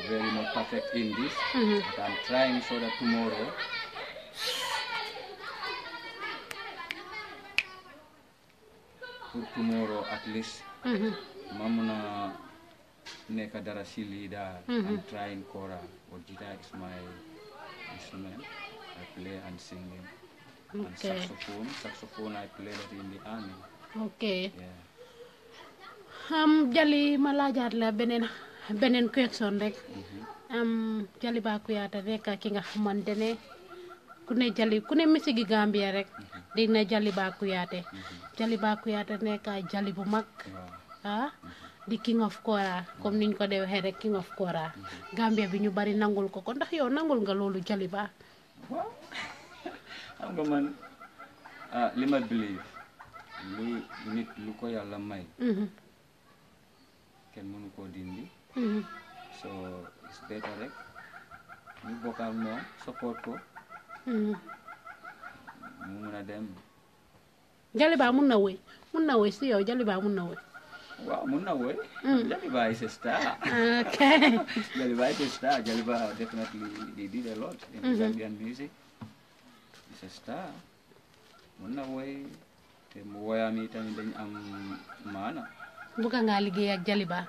very much perfect in this, mm -hmm. but I'm trying so that tomorrow pour tomorrow at least mm -hmm. mamuna neka darasi leader mm -hmm. and trying kora ojita is my instrument i play and singing okay. and saxophone saxophone i play that in the army okay yeah. um jali malajat la benen benen question rek mm-hmm. am jali ba ku yaata rek ki nga xamantene ku ne jali ku ne misi gi rek dégg na jali baa kuyaate jali kuyaate nekk jali bu mag ah di king of kora comme niñ ko dee waxee rek king of kora Gambia bi ñu bari nangul ko ko ndax yow nangul nga loolu jali baa xam nga man ah, li ma believe lu nit lu ko yàlla may mhm. Mm. mun a dem jalibaa mun na woy mun na woy si yow mun na woy waaw mun na woy jalibaa mm. is a star okay jalibaa is a star jalibaa definitely they mun na woy te mu woyaam am maana bëgg nga liggéey ak jalibaa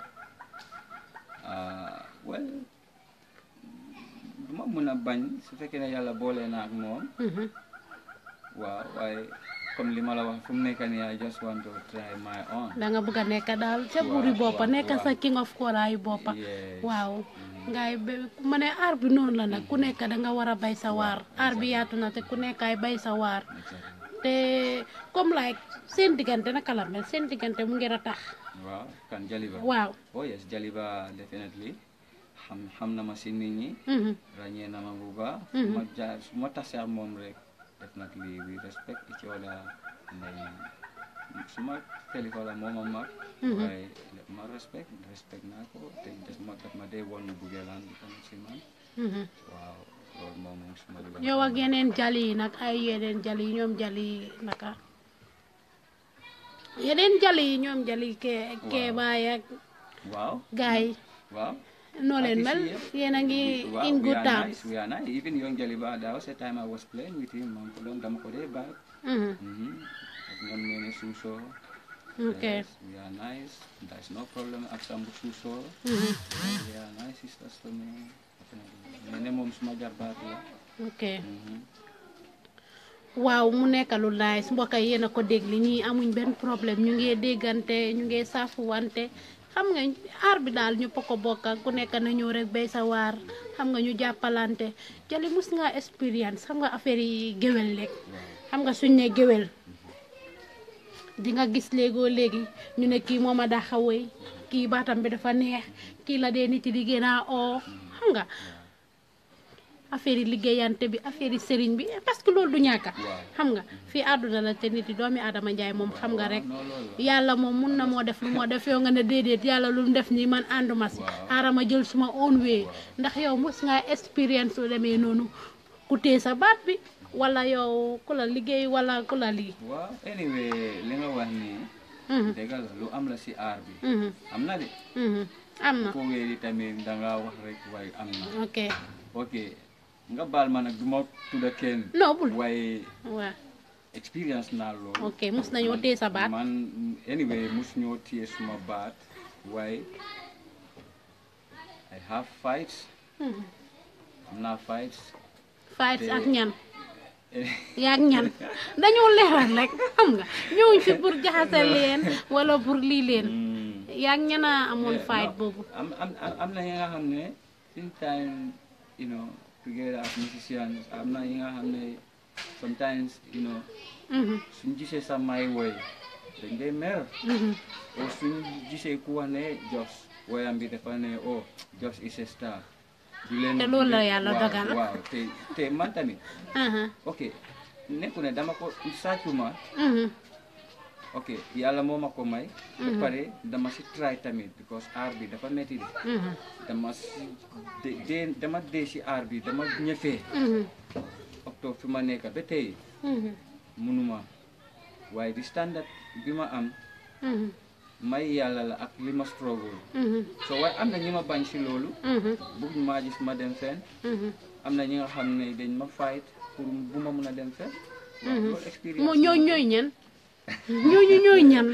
ah, well du ma mën a bañ su fekkee na yàlla boole naa ak moom. Mm-hmm. waaw waaye comme li ma la wax fu nekk nii I just want to try my own. da nga bëgg a nekk daal ca buuri boppa nekk sa king of koraayu boppa waaw. Mm-hmm. ngay ma ne aar bi noonu la nag ku mm-hmm. nekk da nga war a bay sa waar aar bi yaatu na te ku nekk ay bay sa waar. te comme like seen diggante na la seen diggante mu ngi a tax. waaw kan Jaliba. Oh ham xam na ma si nit ñi. ràññee na ma bu ma ma respect ci wala ndey su ma kilifa la moom respect respect nak ko te def ma def ma dee woon mu buggee laan di tamit waaw suma jali nak nag ay jali nyom jali nak? Ah. naka jali nyom jali ke ke wow, ak. waaw no len mel yena in good time. we are nice even young jaliba that was a time i was playing with him on long dam ko de back mhm mhm ngon mene suso Okay. Yes, we are nice. There's no problem. Aksam suso. Mm We are nice sisters to me. Nene mom suma jarbat ya. Okay. Mm -hmm. waaw mu nekk lu laay su mbokk yéen a ko dégg li ñii amuñ benn problème ñu ngee déggante ñu ngee saafu wante xam nga aar bi daal ñu poko bokk ak ku nekk na ñëw rek bay sa waar xam nga ñu jàppalante jëli mus nga expérience xam nga affaire yi géwél rek xam nga suñ ne géwél di nga gis léegoo léegi ñu ne kii moom a daxa woy kii baatam bi dafa neex kii la dee nit di gën a oo xam nga affaire yi liggéeyante bi affaire yi sëriñ bi parce que loolu du ñàkk xam nga fii àdduna la te nit yi doomi Adama Njaay moom xam nga rek yàlla moom mun na moo def lu moo def yow nga ne déedéet yàlla lu mu def nii man ànduma si arama jël suma own way ndax yow mos nga expérience lu demee noonu ku tee sa baat bi wala yow ku la liggéey wala ku la lii waaw anyway li nga wax nii mhm. dëgg lu am la si aar bi mhm. am na de mhm. am na ko wéeri tamit da nga wax rek waaye am na ok ok nga baal ma nag du tudda kenn. non bul waaye. waaw expérience naa loolu. ok mus nañoo téye sa baat man anyway mus ñoo téye suma baat waaye I have fights. Hmm. am naa fights. fights ak ñan. yaa ngi ñan dañoo leeral rek xam nga ñëwuñ fi pour jaxase leen wala pour lii leen. Hmm. yaa ngi ñan a amoon eh, fight boobu. am na yi nga xam ne. in time together as musicians am na yi nga xam ne sometimes you know suñ gisee sa may woy dañ dee mer o suñ gisee ku wax ne Jos woyam bi dafa ne o Jos is a star te loolu la yàlla dogal waaw te te tamit uh-huh. ok nekku ne dama ko sàccuma ok yàlla moo ma ko may. ba mhm. pare dama si try tamit because aar bi dafa metti di. Mhm. dama si dee dama dee aar bi dama ñëfee. Mhm. octobre fi ma nekk ba tey. mënuma waaye di standard bi ma am. may yàlla la ak li ma struggle. so waaye am na ñi ma bañ si loolu. bëgg maa gis ma dem fenn. am na ñi nga xam ne dañ ma fight pour bu ma mun a dem fenn. moo ñooy ñooy ñu ñooy ñan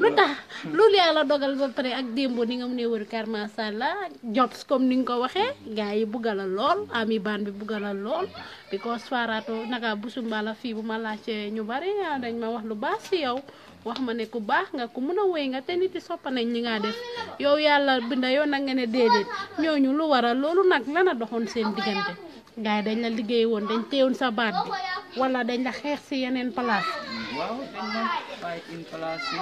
lu tax loolu yàlla dogal ba pare ak dembo ni nga mu ne wër kar masala jobs comme ni nga ko waxee gaay yi bugala lool ami ban bi bugala lool because farato naka busumbala fi bu ya, ma laajte ñu bari dañ ma wax lu baax ci yow ya, wax ma ne ku baax nga ku mëna a wéy nga te nit sopa nañ ñi nga def yow yalla binda yow nak nga ne ñoo ñu lu waral loolu nak seen gaay dañ la liggéey won dañ téewun sa baat wala dañ la xex ci yenen place waaw dañ ma fight in classes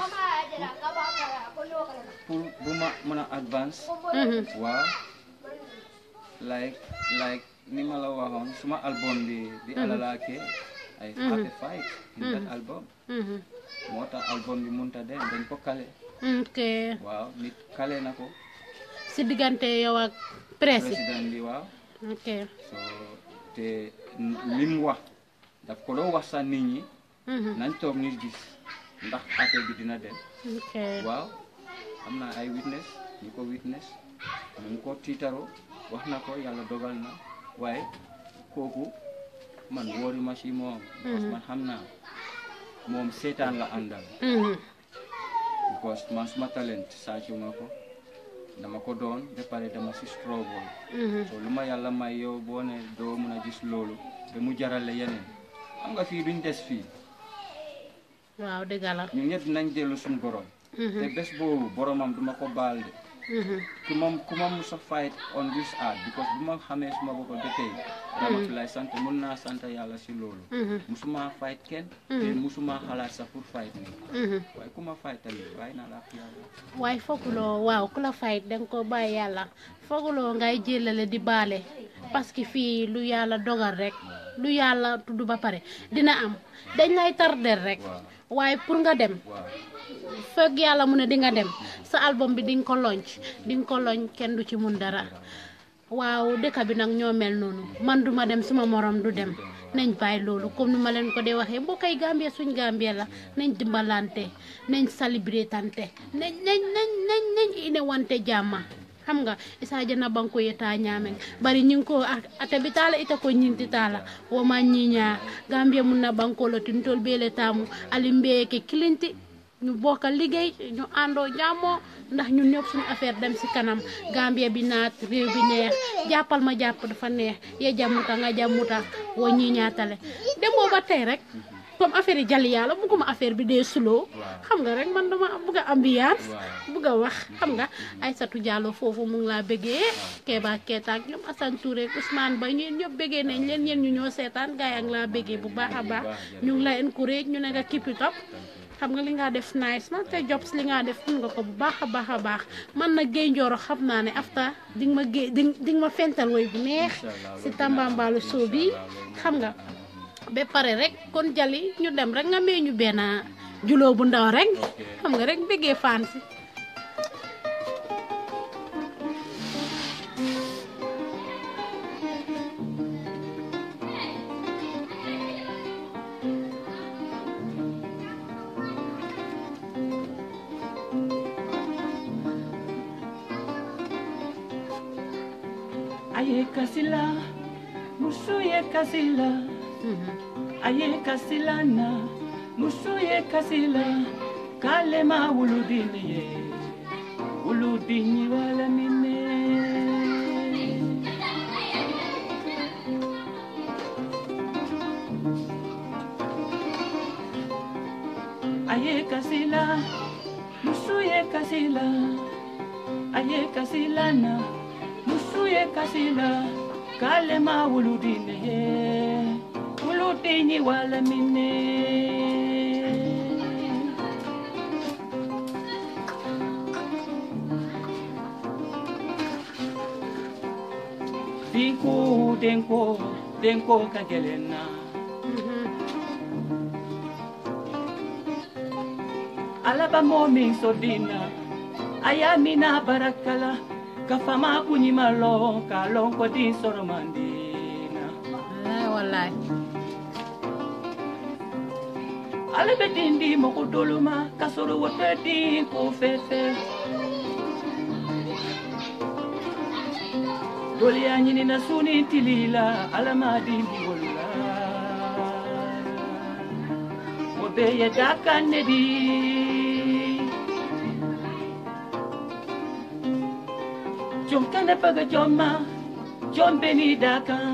pour bu ma mën a advance mhm. waaw like like ni ma la waxoon suma album bi di mhm. alalaake I mhm. fight in that album moo tax album bi mënut a dem dañ ko kale mm, ok waaw nit kale na ko si diggante yow ak presse président waaw ok te lim wax daf ko doon wax sax nit ñi Mm-hmm. nañ toog ñu gis ndax affaire bi dina dem. waaw am na ay witness ñu ko witness mu ko tiitaru wax na ko yàlla dogal na waaye kooku man wóoru ma si moom. Mm-hmm. parce man xam naa moom seetaan la àndal. Mm-hmm. because man suma talent saacuma ko dama ko doon ba pare dama si struggle. so lu ma yàlla may yow boo ne doo mën a gis loolu te mu jarale yeneen xam nga fii duñ des fii. waaw dëgg la ñun ñëpp dinañ dellu suñ borom. Mhm. te bés boobu boromam duma ko baal de. Mhm. ku ma mus a fight on this earth because bu ma xamee suma bopp ba tey. Mhm. ramatulaay sant mun naa sant yàlla si loolu. musuma fight kenn. te musuma xalaat sax pour fight nii. waaye ku ma fight tamit bàyyi waaye fooguloo waaw ku la fight danga ko bàyyi yàlla fooguloo ngay jëlale di baale parce que fii lu yàlla dogal rek lu yàlla tudd ba pare dina am dañ lay tardel rek. waaye pour nga dem fekk yàlla mu ne di nga dem sa album bi di nga ko lonc di ko lonc kenn du ci mun dara waaw dëkk bi nag ñoo mel noonu man du dem suma morom du dem nañ bàyyi loolu comme nu ma leen ko dee waxee mbokk yi Gambie suñ Gambie la nañ dimbalante nañ célébrer tante nañ nañ nañ nañ nañ inewante xam nga isaje na banko yeta nyameng bari nyinko ate bitala ita ko nyinti tala wo ma nyinya gambia mu na banko lo tintol bele tamu alimbe ke kilinti ñu bokk liggéey ñu àndoo jàmmoo ndax ñu ñëpp suñu affaire dem si kanam Gambia bi naat réew neex jàppal ma jàpp dafa neex yee jàmmuta nga jàmmuta woo ñii ñaatale demoo ba tey rek comme affaire yi bu ko ma affaire bi dé suloo xam nga rek man dama bëgg ambiance bëgg wax xam nga Aïssatou Diallo fofu mu ngi la bëggé keba Keita ak ñom Assane Touré Ousmane Ba ñeen ñop bëggé nañ leen ñeen ñu ñoo seetaan gaay ak la bëggé bu baaxa ba ñu ngi la encourage ñu ne nga keep it up xam nga li nga def nice man te jobs li nga def mun nga ko bu baaxa baaxa baax man na gey njooro xam na ne afta ding ma ding di ma fental way bu neex ci Tambambalu show bi xam nga be pare rek kon jali ñu dem rek nga meñu ñu julo bu ndaw rek xam nga rek bege si kasila, musuye kasila, aye kasilana musuye kasila kalema uludini ye uludini wala mine aye kasila musuye kasila aye kasilana musuye kasila kalema uludini ye tenye wala mine Fiku denko denko kagelena Alaba moming sodina Ayamina barakala Kafama kunyimalo kalonko din soromandina Ay, ah, ale bɛ den di mɔgɔ dolo ma k'a sɔrɔ o tɛ den ko fɛfɛ doliya ɲinina su ni tili la ala ma den di wolo o bɛɛ ye dakan ne di jom kana paga jom ma jom beni dakan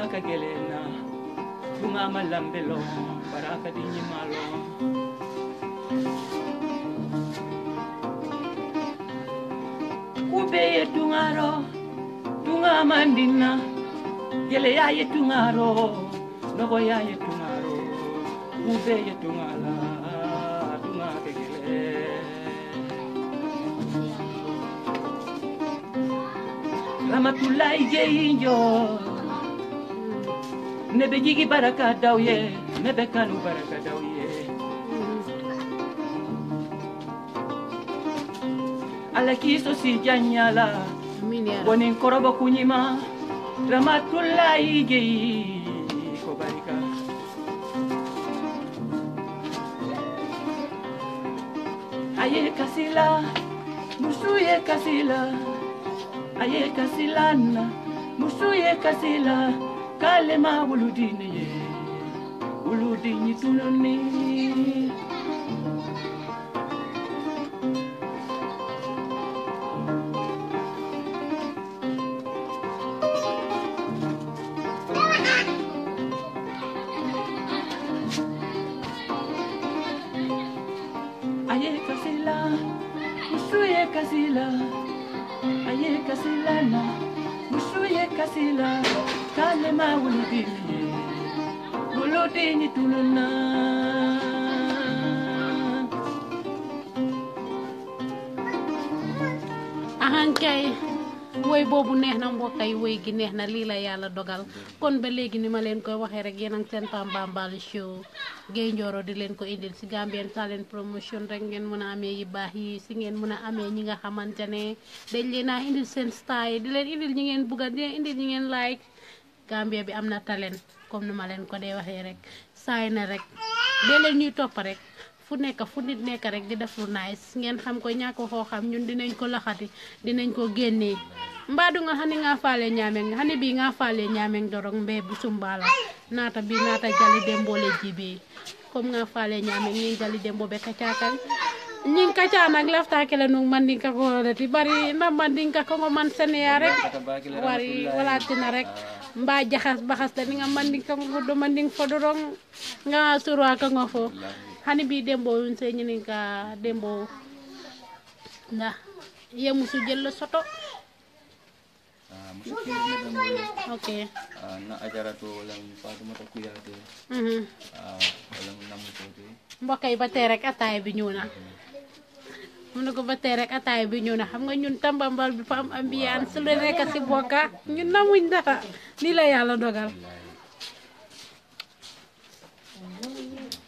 na kagelena tunga malambelo baraka dinyi malo ubeye tungaro tunga mandina gele ya ye tungaro nogo ya ye tungaro ubeye tungala tunga kegele Ramatulai Jeinjo ne be jigi baraka daw ye ne kanu baraka daw ye ala k'i sosi janyala boni koroba kuɲima ramatulayi jeyi ko barika a ye kasila musu ye kasila aye kasila na musu ye kasila kalema wuludini ye wuludini tununi. ahankay woy boobu neex na mbokk yi woy gi neex na lii la yàlla dogal kon ba léegi ni ma leen koy waxee rek yéen a ngi seen Pambambalu show Gaye Njoro di leen ko indil si Gambian Talent Promotion rek ngeen mën a amee yu baax yi si ngeen mën a amee ñi nga xamante ne dañ leen a indil seen style di leen indil ñi ngeen bugga di leen indil ñi ngeen like Gambia bi am na talent comme ni ma leen ko dee waxee rek saay na rek dee leen ñuy rek. fu nekk fu nit nekk rek di def lu nice ngeen xam ko ñàkk koo xam ñun dinañ ko laxati dinañ ko génnee mbaadu nga xani nga faale ñaameng xani bi nga faale ñaameng dorong mbee bu sumbala naata bi naata jali dembole jibe comme nga faale ñaameng ñi jali dembo be kacaakan ñing kaca nak lafta la nu man ka ko bari na man ding ka ko man sene rek wari wala tina rek mba jaxas baxas la ni nga man ko do man ding fodorong nga surwa ka fo hani bi dembo yun se ñinin ka dembo na ye iya musu jël soto oke ah, musu okay tuh ah, na ajara to wala fatumata ku ya te hmm ah wala namu to te mbokay ba terek rek atay bi ñuna mu ne ko ba terek rek ataay bi ñëw xam nga ñun tambambal bi fa am ambiance lu nekk si bokka ñun namuñ dara la dogal ya.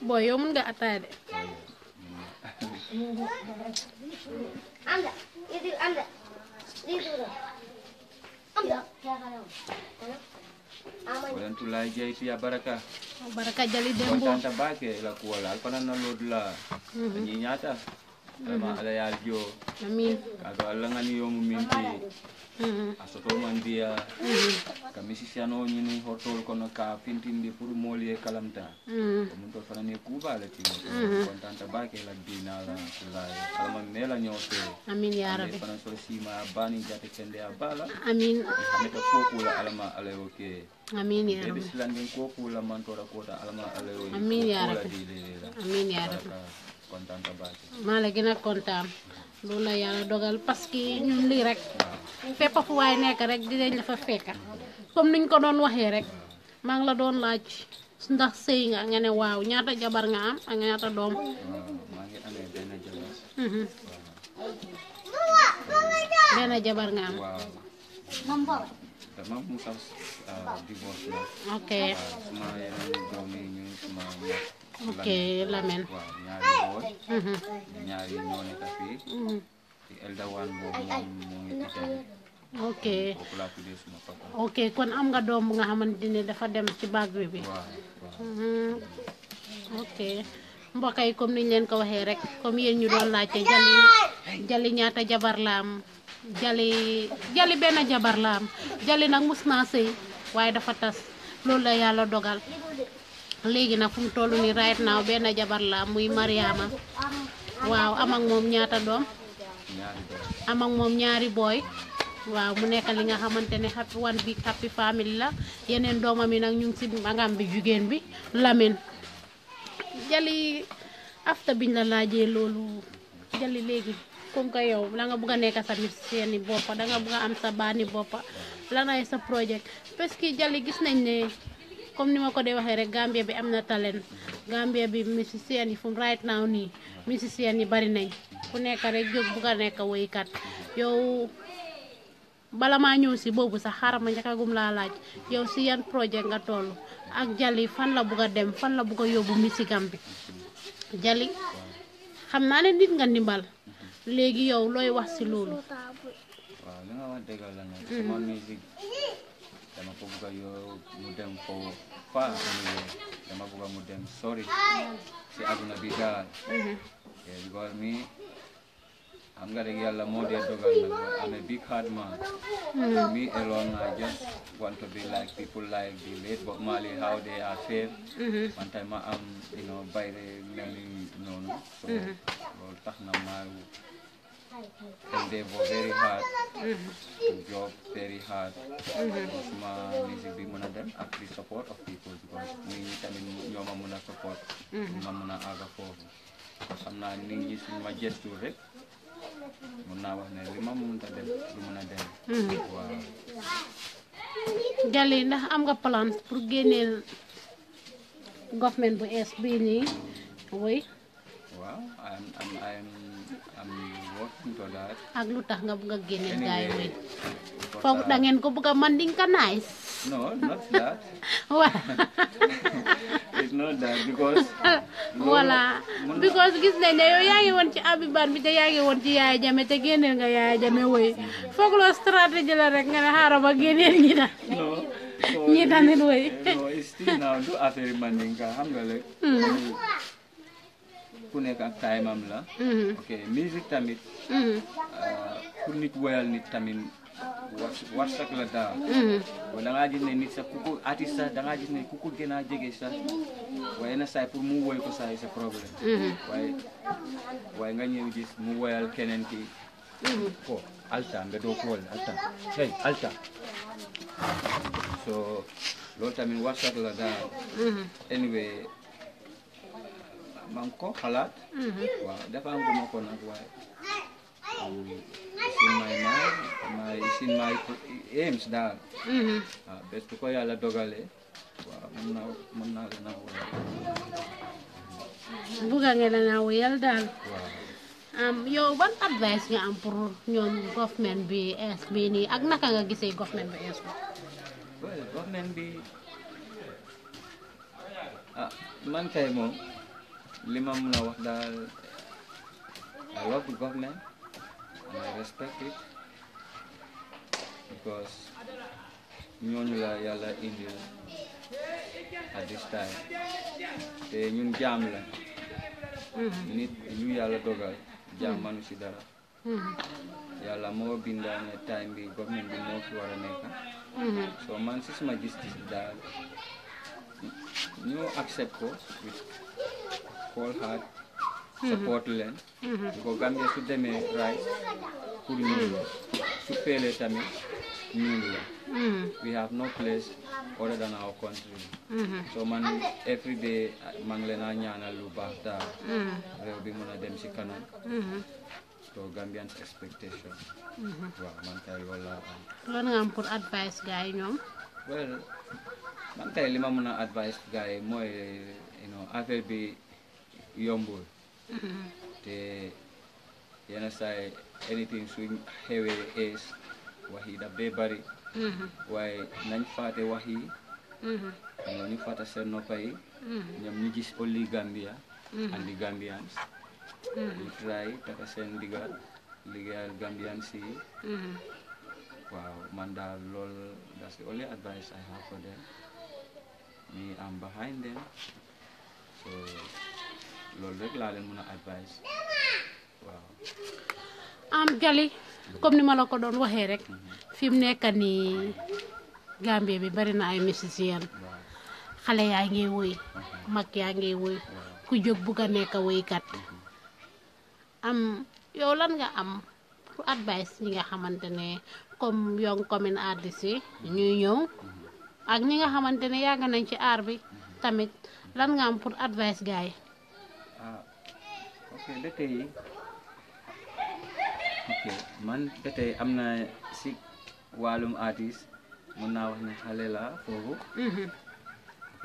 Boy, yo ada, nga attaaya Anda, itu anda. Itu itu ya baraka. Baraka jali dembo. Tanta bake la kuala, alpana na Nyinyata. vraiment ala ya dio amin kaga ala ngani yo muminti mm-hmm. asoto mandia mm-hmm. kamisi siano nyini hotol kono ka pintindi pour moli e kalamta mun mm-hmm. to fana ne kuba ala ti kontanta ba ke la dina la la ala mela nyote amin ya rabbi fana so sima bani jate kende bala amin ne ta ko ala ma ala yo ke amin ya rabbi bisilandin ko kula mantora kota ala ma ala yo amin ya rabbi amin ya rabbi ma ka ba? maa la gën dogal paski que ñun lii rek fépp fu waay nekk rek dinañ la fa fekka comme niñ ko doon waxee rek ma ngi la doon laaj ndax sëy nga nga ne ñaata jabar nga am ak ñaata doom. ma jabar. Mhm. benn jabar nga am. waaw. dama musa ah, Oke, lamen mm-hmm. mm-hmm. kan. Oke, Nyari Oke, mm-hmm. Oke, Oke, oke oke Elda Wan Oke. Oke, kon am nga doom nga xamante dafa dem ci bi oke comme niñ ko rek comme ñu doon jali jali ñaata jabar lam, jali jali benn jabar lam, jali nag mus naa sëy dafa tas loolu la dogal lagi nak fum tollu ni right now ben jabar la muy Mariama waaw am ak mom ñaata dom am ak mom ñaari boy waaw mu nekk li nga xamantene happy one big happy family la yenen domami nak ñu ci si magam bi jugen bi Lamin jali afta biñ la laaje lolu jali legi comme que yow la nga bëgg nekk sa mit seeni bop da nga bëgg am sa bop la nay sa project parce que jali gis nañ ne comme ni ma ko dee waxee rek Gambia bi am na talent Gambia bi musicien yi fu right now nii musicien yi bari nañ ku nekk rek jóg bu nekk woykat yow bala maa ñëw si boobu sax xaaral ma njëkkagum laa laaj yow si yan projet nga toll ak Jali fan la bugg dem fan la bugg a yóbbu misigam bi Jali xam naa ne nit nga ndimbal léegi yow looy wax ci loolu. yamakuvuga yo mudem ko fa yamakuvuga mudem sorry si aduna bigal mhm. yes because me I'm gonna get mau dia dog. I'm a big hard man. Mm. Me alone, I just want to be like people like the late Bob Marley, how they are saved. pantai -hmm. One you know, by the many, you know, so, mm -hmm. well, and they work very hard mm -hmm. job very hard mm -hmm. suma music bi mën a support of people because nit ñi tamit ñoo ma mën a support ma mën a àgg foofu xam naa nit ñi suñ ma gestu rek mën naa wax ne li ma mënta dem du mën dem waaw hmm. Jalli ndax am nga plan pour génneel government bu ees bii nii woy waaw am am am ak lu tax nga bugg a génne gaay yi foog da ko bugg a manding ka nice. no not gis nañ ne yow yaa ngi woon ci abibar bi te yaa ngi woon ci yaay jame te génneel nga yaay jame woy foog loo stratégie rek nga ne xaaral ma génneel ñi da ñi tamit ku nekk ak time am la mm-hmm. ok tamit mm-hmm. ah, pour nit woyal nit tamit war sax la daal mm-hmm. da ngaa gis ne nit sax ku ko artiste sax da ne ku ko gën a jege sax waaye na saay pour mu woy ko saay sa problème waaye nga ñëw gis mu woyal keneen ki oh, ko alta mbe doo kool alta hey alta so loolu tamit war sax la daal anyway maa ngi ko xalaat. Mm-hmm. waaw defal nga ko nag waaye. sin may maay daal. Mm-hmm. waaw bés ko yàlla dogalee. waaw mën naa naa la mm-hmm. daal. yow ban advice nga am pour ñoom government bi es bi nii ak naka nga gisee government bi es bi. government bi ah man kay moom. li ma mën a wax daal I love government and I because ñooñu la yàlla indil at this te ñun jaam la mm-hmm. nit lu yàlla dogal jaam mm-hmm. manu si dara mm-hmm. yàlla moo bindaa ne time bi government bi moo fi war a nekk so man si suma gis-gis daal ñoo accept ko xool xaat hmm. support leen hmm. ko Gambia su demee right pour ñun la su feelee tamit ñun la hmm. we have no place other than our country so man every day maa leen a ñaanal lu baax daal réew bi mën a dem ci kanam so Gambians expectation waaw man kay loolu laa am loolu nga am pour advice gars ñoom man kay li ma mën a advice gars mooy you bi yombul iya, te mm-hmm. yana say anything swing heavy is wahida bebari daf dee nañ faté wahi yi ñoo ñu fàtta seen noppa yi ñu gis only Gambia mm-hmm. and the Gambians ñu mm-hmm. try taka sen ndigal liggéeyal Gambians si wow man daal lool that's the only advice I have for them me I'm behind them so loolu am Jali comme ni ma la ko doon waxee rek mhm. fi mu nekk nii Gambie bi bari na ay musiciens xale yaa ngi woy mhm. mag yaa ngi woy ku jóg bugg a nekk woykat mhm. am yow lan nga am pour advice ñi nga xamante ne comme young commune artiste yi ñuy ñëw ak ñi nga xamante ne yàgg nañ ci aar bi tamit lan nga am pour advice gars ok détails yi ok man détails yi am na si wàllum artiste mun naa wax ne xale laa foofu mm-hmm. ok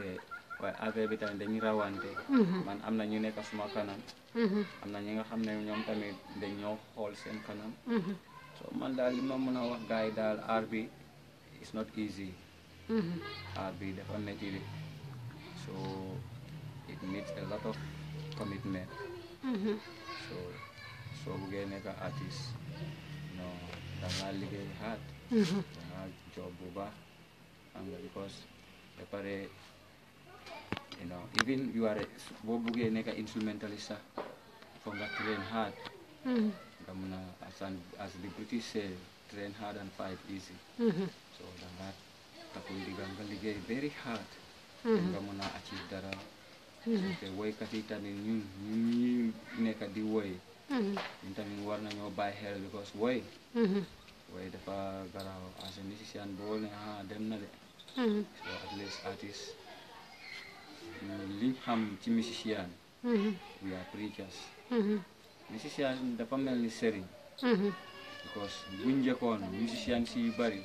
waaye affaire bi tamit dañuy rawante mm-hmm. man am na ñu nekk suma kanam mm-hmm. am na ñi nga xam ne ñoom tamit dañ ñoo xool seen kanam so man daal li ma mën a wax gars yi daal aar bi it's not easy aar bi dafa métti so it needs a lot of commitment Mm-hmm. So, so we get artist, no, know, lagi hat, get job over, and because, pare, you know, even you are, wo buge neka instrumentalist, for the train hard, kamu mm-hmm. na as, an, as the British say, train hard and fight easy. Mm-hmm. So, the hard, diganggu lagi get very hard, kamu na achieve darah. Mm-hmm. te woykat yi tamit ñun ñun ñuy nekk di woy mm-hmm. ñun tamit war nañoo bàyyi xel because woy mm-hmm. woy dafa garaaw as a musicien boo ne ah dem na de so at least artist liñ xam ci musicien we a preachers musicien dafa mel ni sëriñ because buñ njëkkoon si yu bari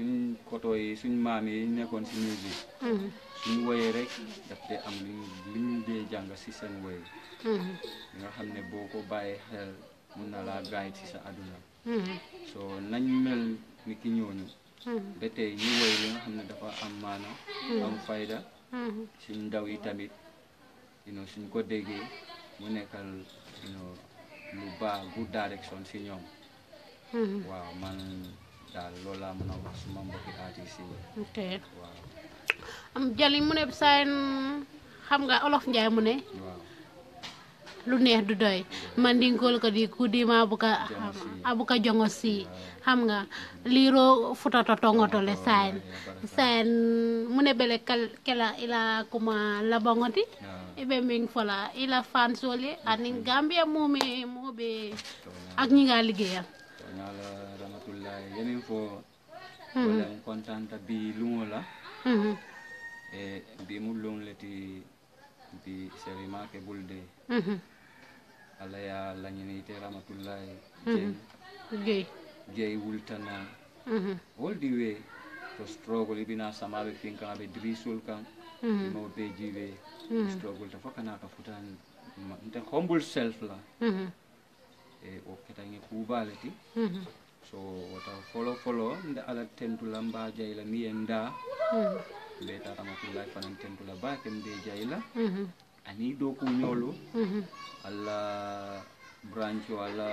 suñ koto yi suñ maam yi nekkoon si musique mm-hmm. suñ woyee rek daf dee am lu ñu dee jàng si seen woy mm-hmm. nga xam ne boo ko bàyyee xel mun na laa gaay si sa àdduna mm-hmm. so nañ mel ni ki ñooñu ba tey ñu woy li nga xam ne dafa am maana am fayda suñ ndaw yi tamit suñ ko déggee mu nekkal lu baax good direction si ñoom waaw man daal loolu laa mu ne saa xam nga olof Njaay mu ne. lu neex du doy man dinkool ko di kudima abuka abuka jongo si xam nga liiro futata tongoto le sayen sayen mune bele kela ila kuma labongoti ibe ming fola ila fan sole anin gambia mumi mobe ak ñi nga liggéeyal la yemin fo wala mm-hmm. kontanta bi luŋo la mm-hmm. e eh, bi mu luŋ le ti bi serima ke bul de mm-hmm. ala ye laɲini ite ramatullahi jey jey wultana wol di we to struggle e i bena sama fin kan a be dirisol kan imao be jiwe struggle ta fo kana ka futan nte humble self la wo eh, ketaŋe kuuba ti so wata folo folo nda ala tentula mba jayla miye nda mbe hmm. tatamakullahi fanan tentula bake mbe jayla ani mm-hmm. doku ñolu mm-hmm. alla branch wala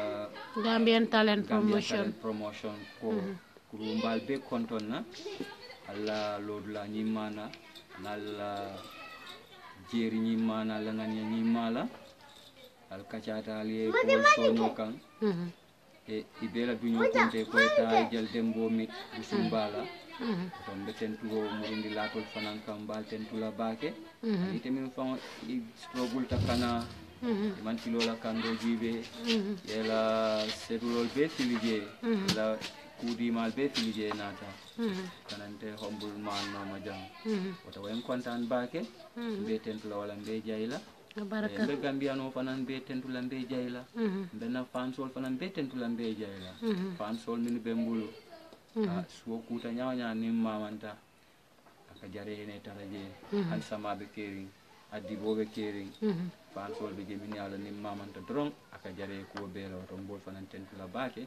gambian talent promotion talent promotion ko mm-hmm. kurumbal be konton na alla lodula ñimmana nalla jeeri ñimmana langania ñimmala al kacata al kacata pol soño kan mm -hmm e ibela duño konte koyta jal dembo mit usumbala ah. ah. kon be tentugo murindi latol fanan kam mbal tentula bake mm-hmm. ite min fan i struggle ta kana mm-hmm. iman kilola kando jibe mm-hmm. yela sedulol be filije la kuudimal be filije naata kanante hombul man noma jam woto wayen kontan bake mbe tentula wala mbe jayla Eh, mbe gambiyano fana mbe tentula mbe jayla mhm. mbena fansol fana mbe tentula mbe jayla mhm. fansol minu be mbulu mhm. ah, suwo kuta ñawa ni mamanta aka jare ene tara je han sama be kering addibo be kering fansol be je min yala nim mamanta doron aka jare ko be la to mbol fanan tentula baake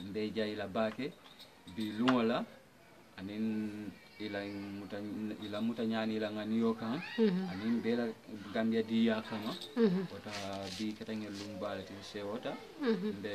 mbe jayla baake bi lumola anin ila muta ila muta ñaani la nga niyo kan mm -hmm. anin bela gambia di ya kama wota -hmm. wata bi katangel lum bala tin sewota wata mm -hmm. be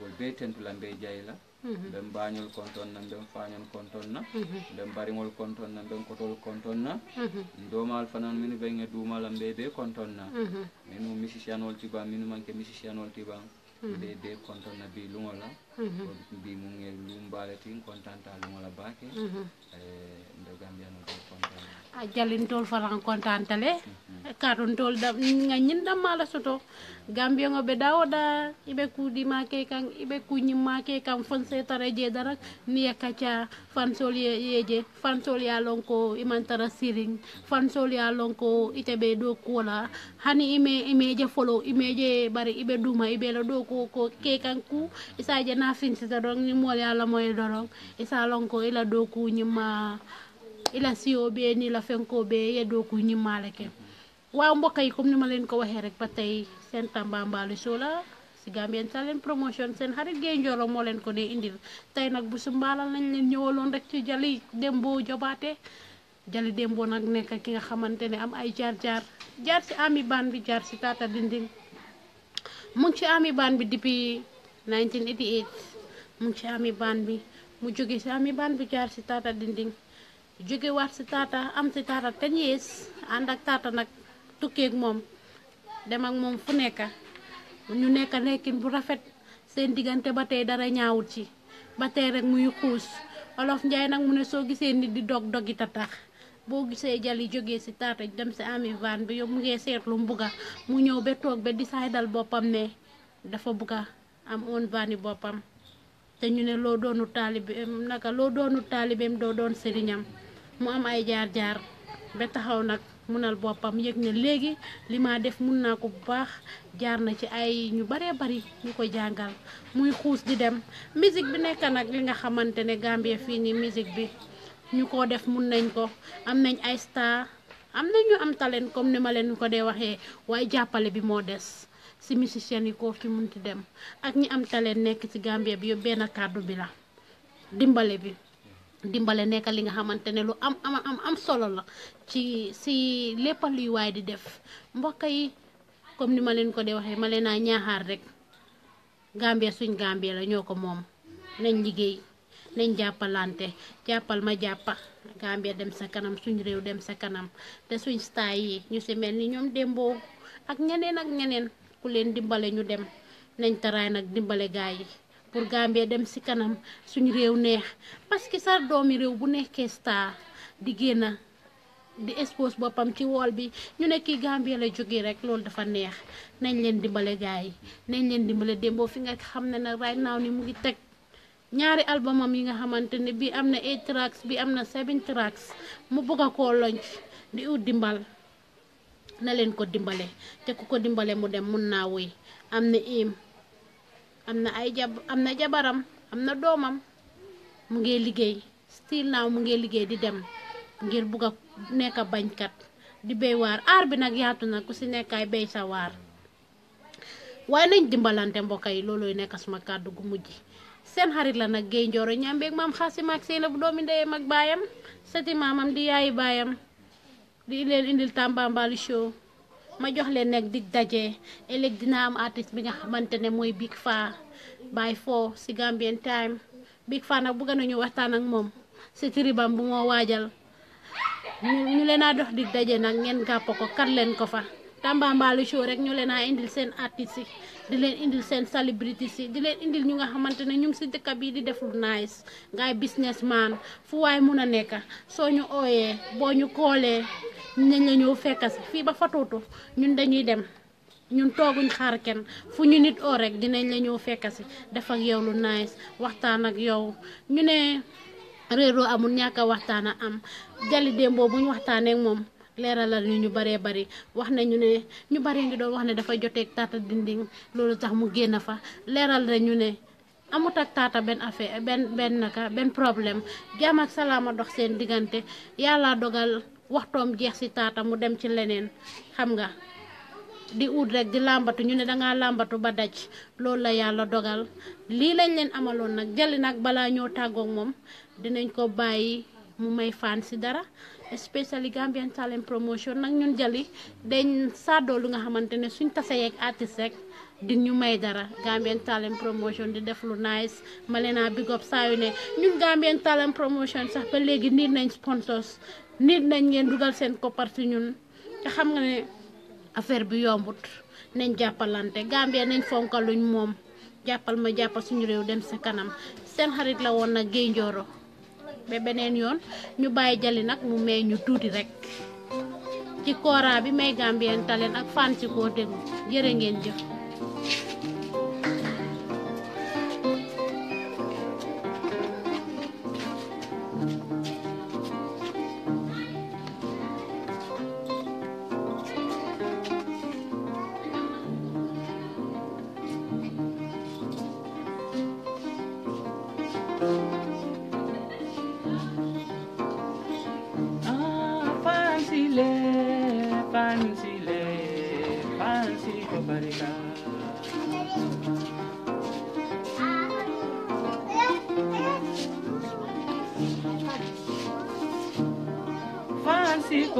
wol be tentu la mbe jayla mm -hmm. mbañol konton na be fañol konton na mbe -hmm. konton na mm-hmm. be kotol konton na mm -hmm. domal fanan min be nge dumal be be konton na mm -hmm. minu musicianol tiba minu manke musicianol tiba mm Mm-hmm. de de konton na bi lungo la mm-hmm. bi mu ngel lumbale tin kontanta lungo la bake e ndo gambia no a jalin tol kontan tele karun tol da nganyin da mala soto gambia ngobe dawo da ibe kudi make kan ibe kunyi make kan fon se tare je dara ni ya fan sol ye je sol ya lonko tara siring sol ya lonko be do kola hani ime ime je folo ime je bare ibe duma ibe la do ko ko ke kan ku isa je na fin se dorong ni mol ya la moy dorong isa lonko ila do ku ma ila sio be ni la ko be yedo ya ku ñimaale ke waaw mbokk yi comme ni ma leen ko waxe rek ba tey seen tambambalu show si Gambian Talent Promotion sen xarit ge Njoro mo len ko dee indil tay nak bu su mbalal nañ len rek ci Jali Dembo jobate Jali Dembo nak nek ki nga xamantene am ay Jar jar jar si ami ban bi jar si Tata Dinding mu ci ami ban bi depuis 1988 mu ci ami ban bi mu joge si ami ban bi jar si Tata Dinding jogé wat ci tata am ci tata te yees ànd ak nak tukki ak mom dem ak mom fu nekka ñu nekk nekkin bu rafet seen digante ba tey dara ñaawul ci ba rek muy xuus olof njaay nak mu ne so gisee nit di dog dogi tata, bo gisee jali jogé ci tata dem ci ami van bi yow mu ngee seetlu mbuga mu be di dal bopam ne dafa buga am on vani bopam, te ñu ne lo doonu taalibeem naka lo doonu taalibeem do doon sëriñam mu am ay jaar-jaar ba taxaw nag munal boppam yëg ne léegi li ma def mun naa ko bu baax jaar na ci ay ñu baree bari ñu ko jàngal muy xuus di dem musique bi nekk nag li nga xamante ne Gambie fii nii musique bi ñu ko def mun nañ ko am nañ ay star am nañu am talent comme ni ma leen ko dee waxee way jàppale bi moo des si musicien yi koo ci munti dem ak ñi am talent nekk ci Gambie bi yóbbu benn kàddu bi la dimbale bi. dimbale nekk li nga xamante ne lu am am am am solo la ci si lépp luy waay di def mbokk yi comme ni ma leen ko dee waxee ma leen naa ñaaxaar rek Gambia suñ Gambia la ñoo ko moom nañ liggéey nañ jàppalante jàppal ma jàppa Gambia dem sa kanam suñ réew dem sa kanam te suñ star yi ñu si mel ni ñoom démboo ak ñeneen ak ñeneen ku leen dimbale ñu dem nañ taraay nag dimbale gaay yi pour Gambie dem si kanam suñu réew neex parce que sa doomi réew bu nekkee star di génna di expose boppam ci wool bi ñu ne kii Gambie la jógee rek loolu dafa neex nañ leen dimbale gars yi nañ leen dimbale démboo fi nga xam ne na right now ni mu ngi teg ñaari albumam yi nga xamante ne bii am na eight tracks bi am na seven mu bëgg a koo lonc di ut dimbal na leen ko dimbale te ku ko dimbale mu dem mun naa woy am na im am na ay am na jabaram am na doomam mu ngi liggéey style naaw mu ngi liggéey di dem ngir bugg a nekk bañkat di béy waar aar bi nag yaatu na ku si nekkaay béy sa waar waaye nañ dimbalante mbokk yi loolooy nekk suma kàddu gu mujj seen xarit la nag géey njooro ñambeeg maam xaasima ak seen bu doomi ndeyam baayam seti maamam di yaayi baayam di leen indil Tambambalu show ma jox leen nag di daje ëllëg dina am artiste bi nga xamante ne mooy Big Faa by foo si Gambian time Big Faa nag bëgg nañu waxtaan ak moom si tribam bu moo waajal ñu leen a dox dig daje nag ngeen gàpp ko kat leen ko fa. Tamba Mbalu show rek ñu leen a indil seen artistes di leen indil seen celebrities yi di leen indil ñu nga xamante ne ñu ngi si dëkk bii di def lu nice ngay businessman fu waay mun a nekk soo ñu ooyee boo ñu koolee nañ la ñëw fekk si fii ba fatuutu ñun dañuy dem ñun tooguñ xaar kenn fu ñu nit oo rek dinañ la ñëw fekk si def ak yow lu nice waxtaan ak yow ñu ne réeroo amul ñàkk a waxtaan a am jali démboo bu ñu waxtaanee moom. leeralal ñu ñu baree bari wax nañu ne ñu bari ngi doon wax ne dafa joteeg taata dinding loolu tax mu génn fa leeral ñu ne amut ak taata benn affaire benn benn naka benn problème jàmm ak salaama dox seen diggante yàlla dogal waxtoom jeex si taata mu dem ci leneen xam nga di ut rek di làmbatu ñu ne danga làmbatu ba daj loolu la yàlla dogal lii lañ leen amaloon nag jëli nag balaa ñoo tàggoog moom dinañ ko bàyyi mu may faan si dara especially Gambian Talent Promotion nak ñun jali dañ sàddoo lu nga xamantene ne suñ tasee ak artiste rek di ñu may dara Gambian Talent Promotion di def lu nice malena leen a big up saa yu ne eh. ñun Gambian Talent Promotion sax ba léegi nit nañ sponsors nit nañ ngeen dugal seen copart ñun te xam nga ne affaire bi yombut nañ jappalante Gambia nañ fonkaluñ moom jappal ma jappal suñu réew dem sa kanam seen xarit la woon nag Gaye Njoro ba beneen yoon ñu bàyyi jali nag mu may ñu tuuti rek ci kora bi may Gambian taleen ak fan ci koo déglu jërë ngeen jëf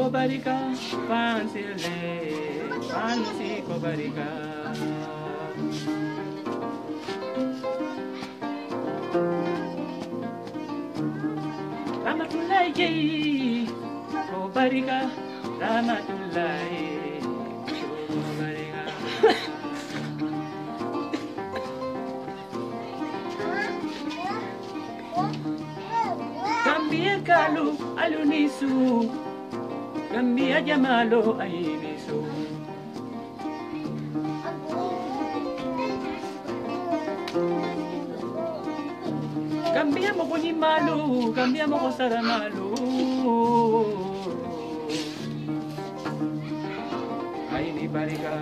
kobarika pansile pansi kobarika Ramatulai kobarika oh ¡Cobarica! Oh kobarika También calo, alunisu كمية جماله أيدي سوم Cambiamos con il malo, cambiamos con sarà malo. Ai mi parica.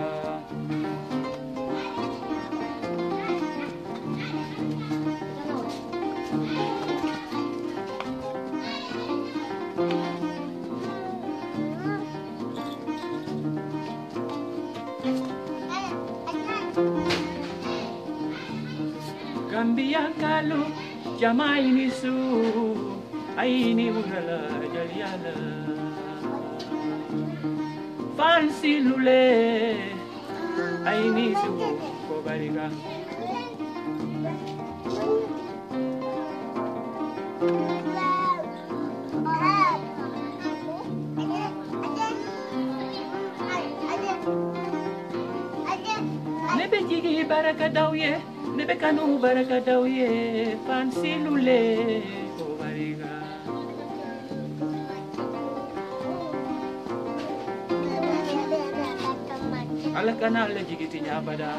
Ayu, jama ini su, aini ugala jaliala. Fancy lule, aini su kobariga. Nebe jigi baraka dawye ebekani obaraka daw ye pansilule bariga ala kana ala jigiti ñabada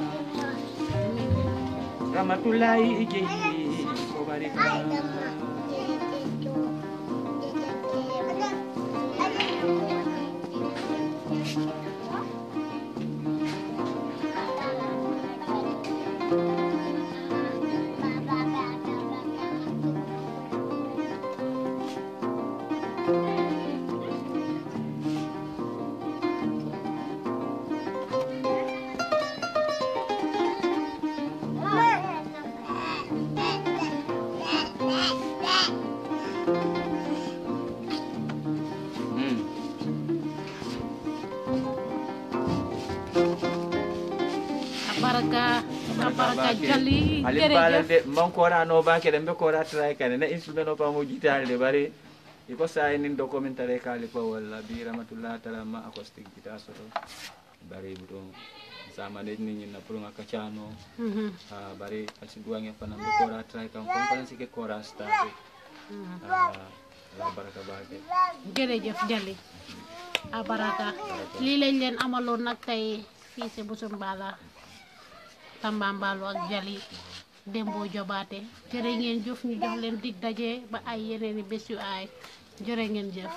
ramatulayi jeyi bariga ɗen mbaalal de mankora noobake ɗen ɓe koratara kane ne instrument o pamo de bari iko sayinin do komin tare kaali fo walla bi rahmatullah taala ma ako bari to samaneji ni ñinna pour nga kacano mm-hmm. bari asi duwange ya fanan ɓe koratara kam kon fanan sike kora stade mm-hmm. baraka baake jërëjëf Jalle a baraka lii lañ leen amaloon nag tey fii si Busumbala Tambambalu ak Jali Dembo Jobaate jërë ngeen jëf ñu di leen daje ba ay yeneeni bés yu aay jërë ngeen jëf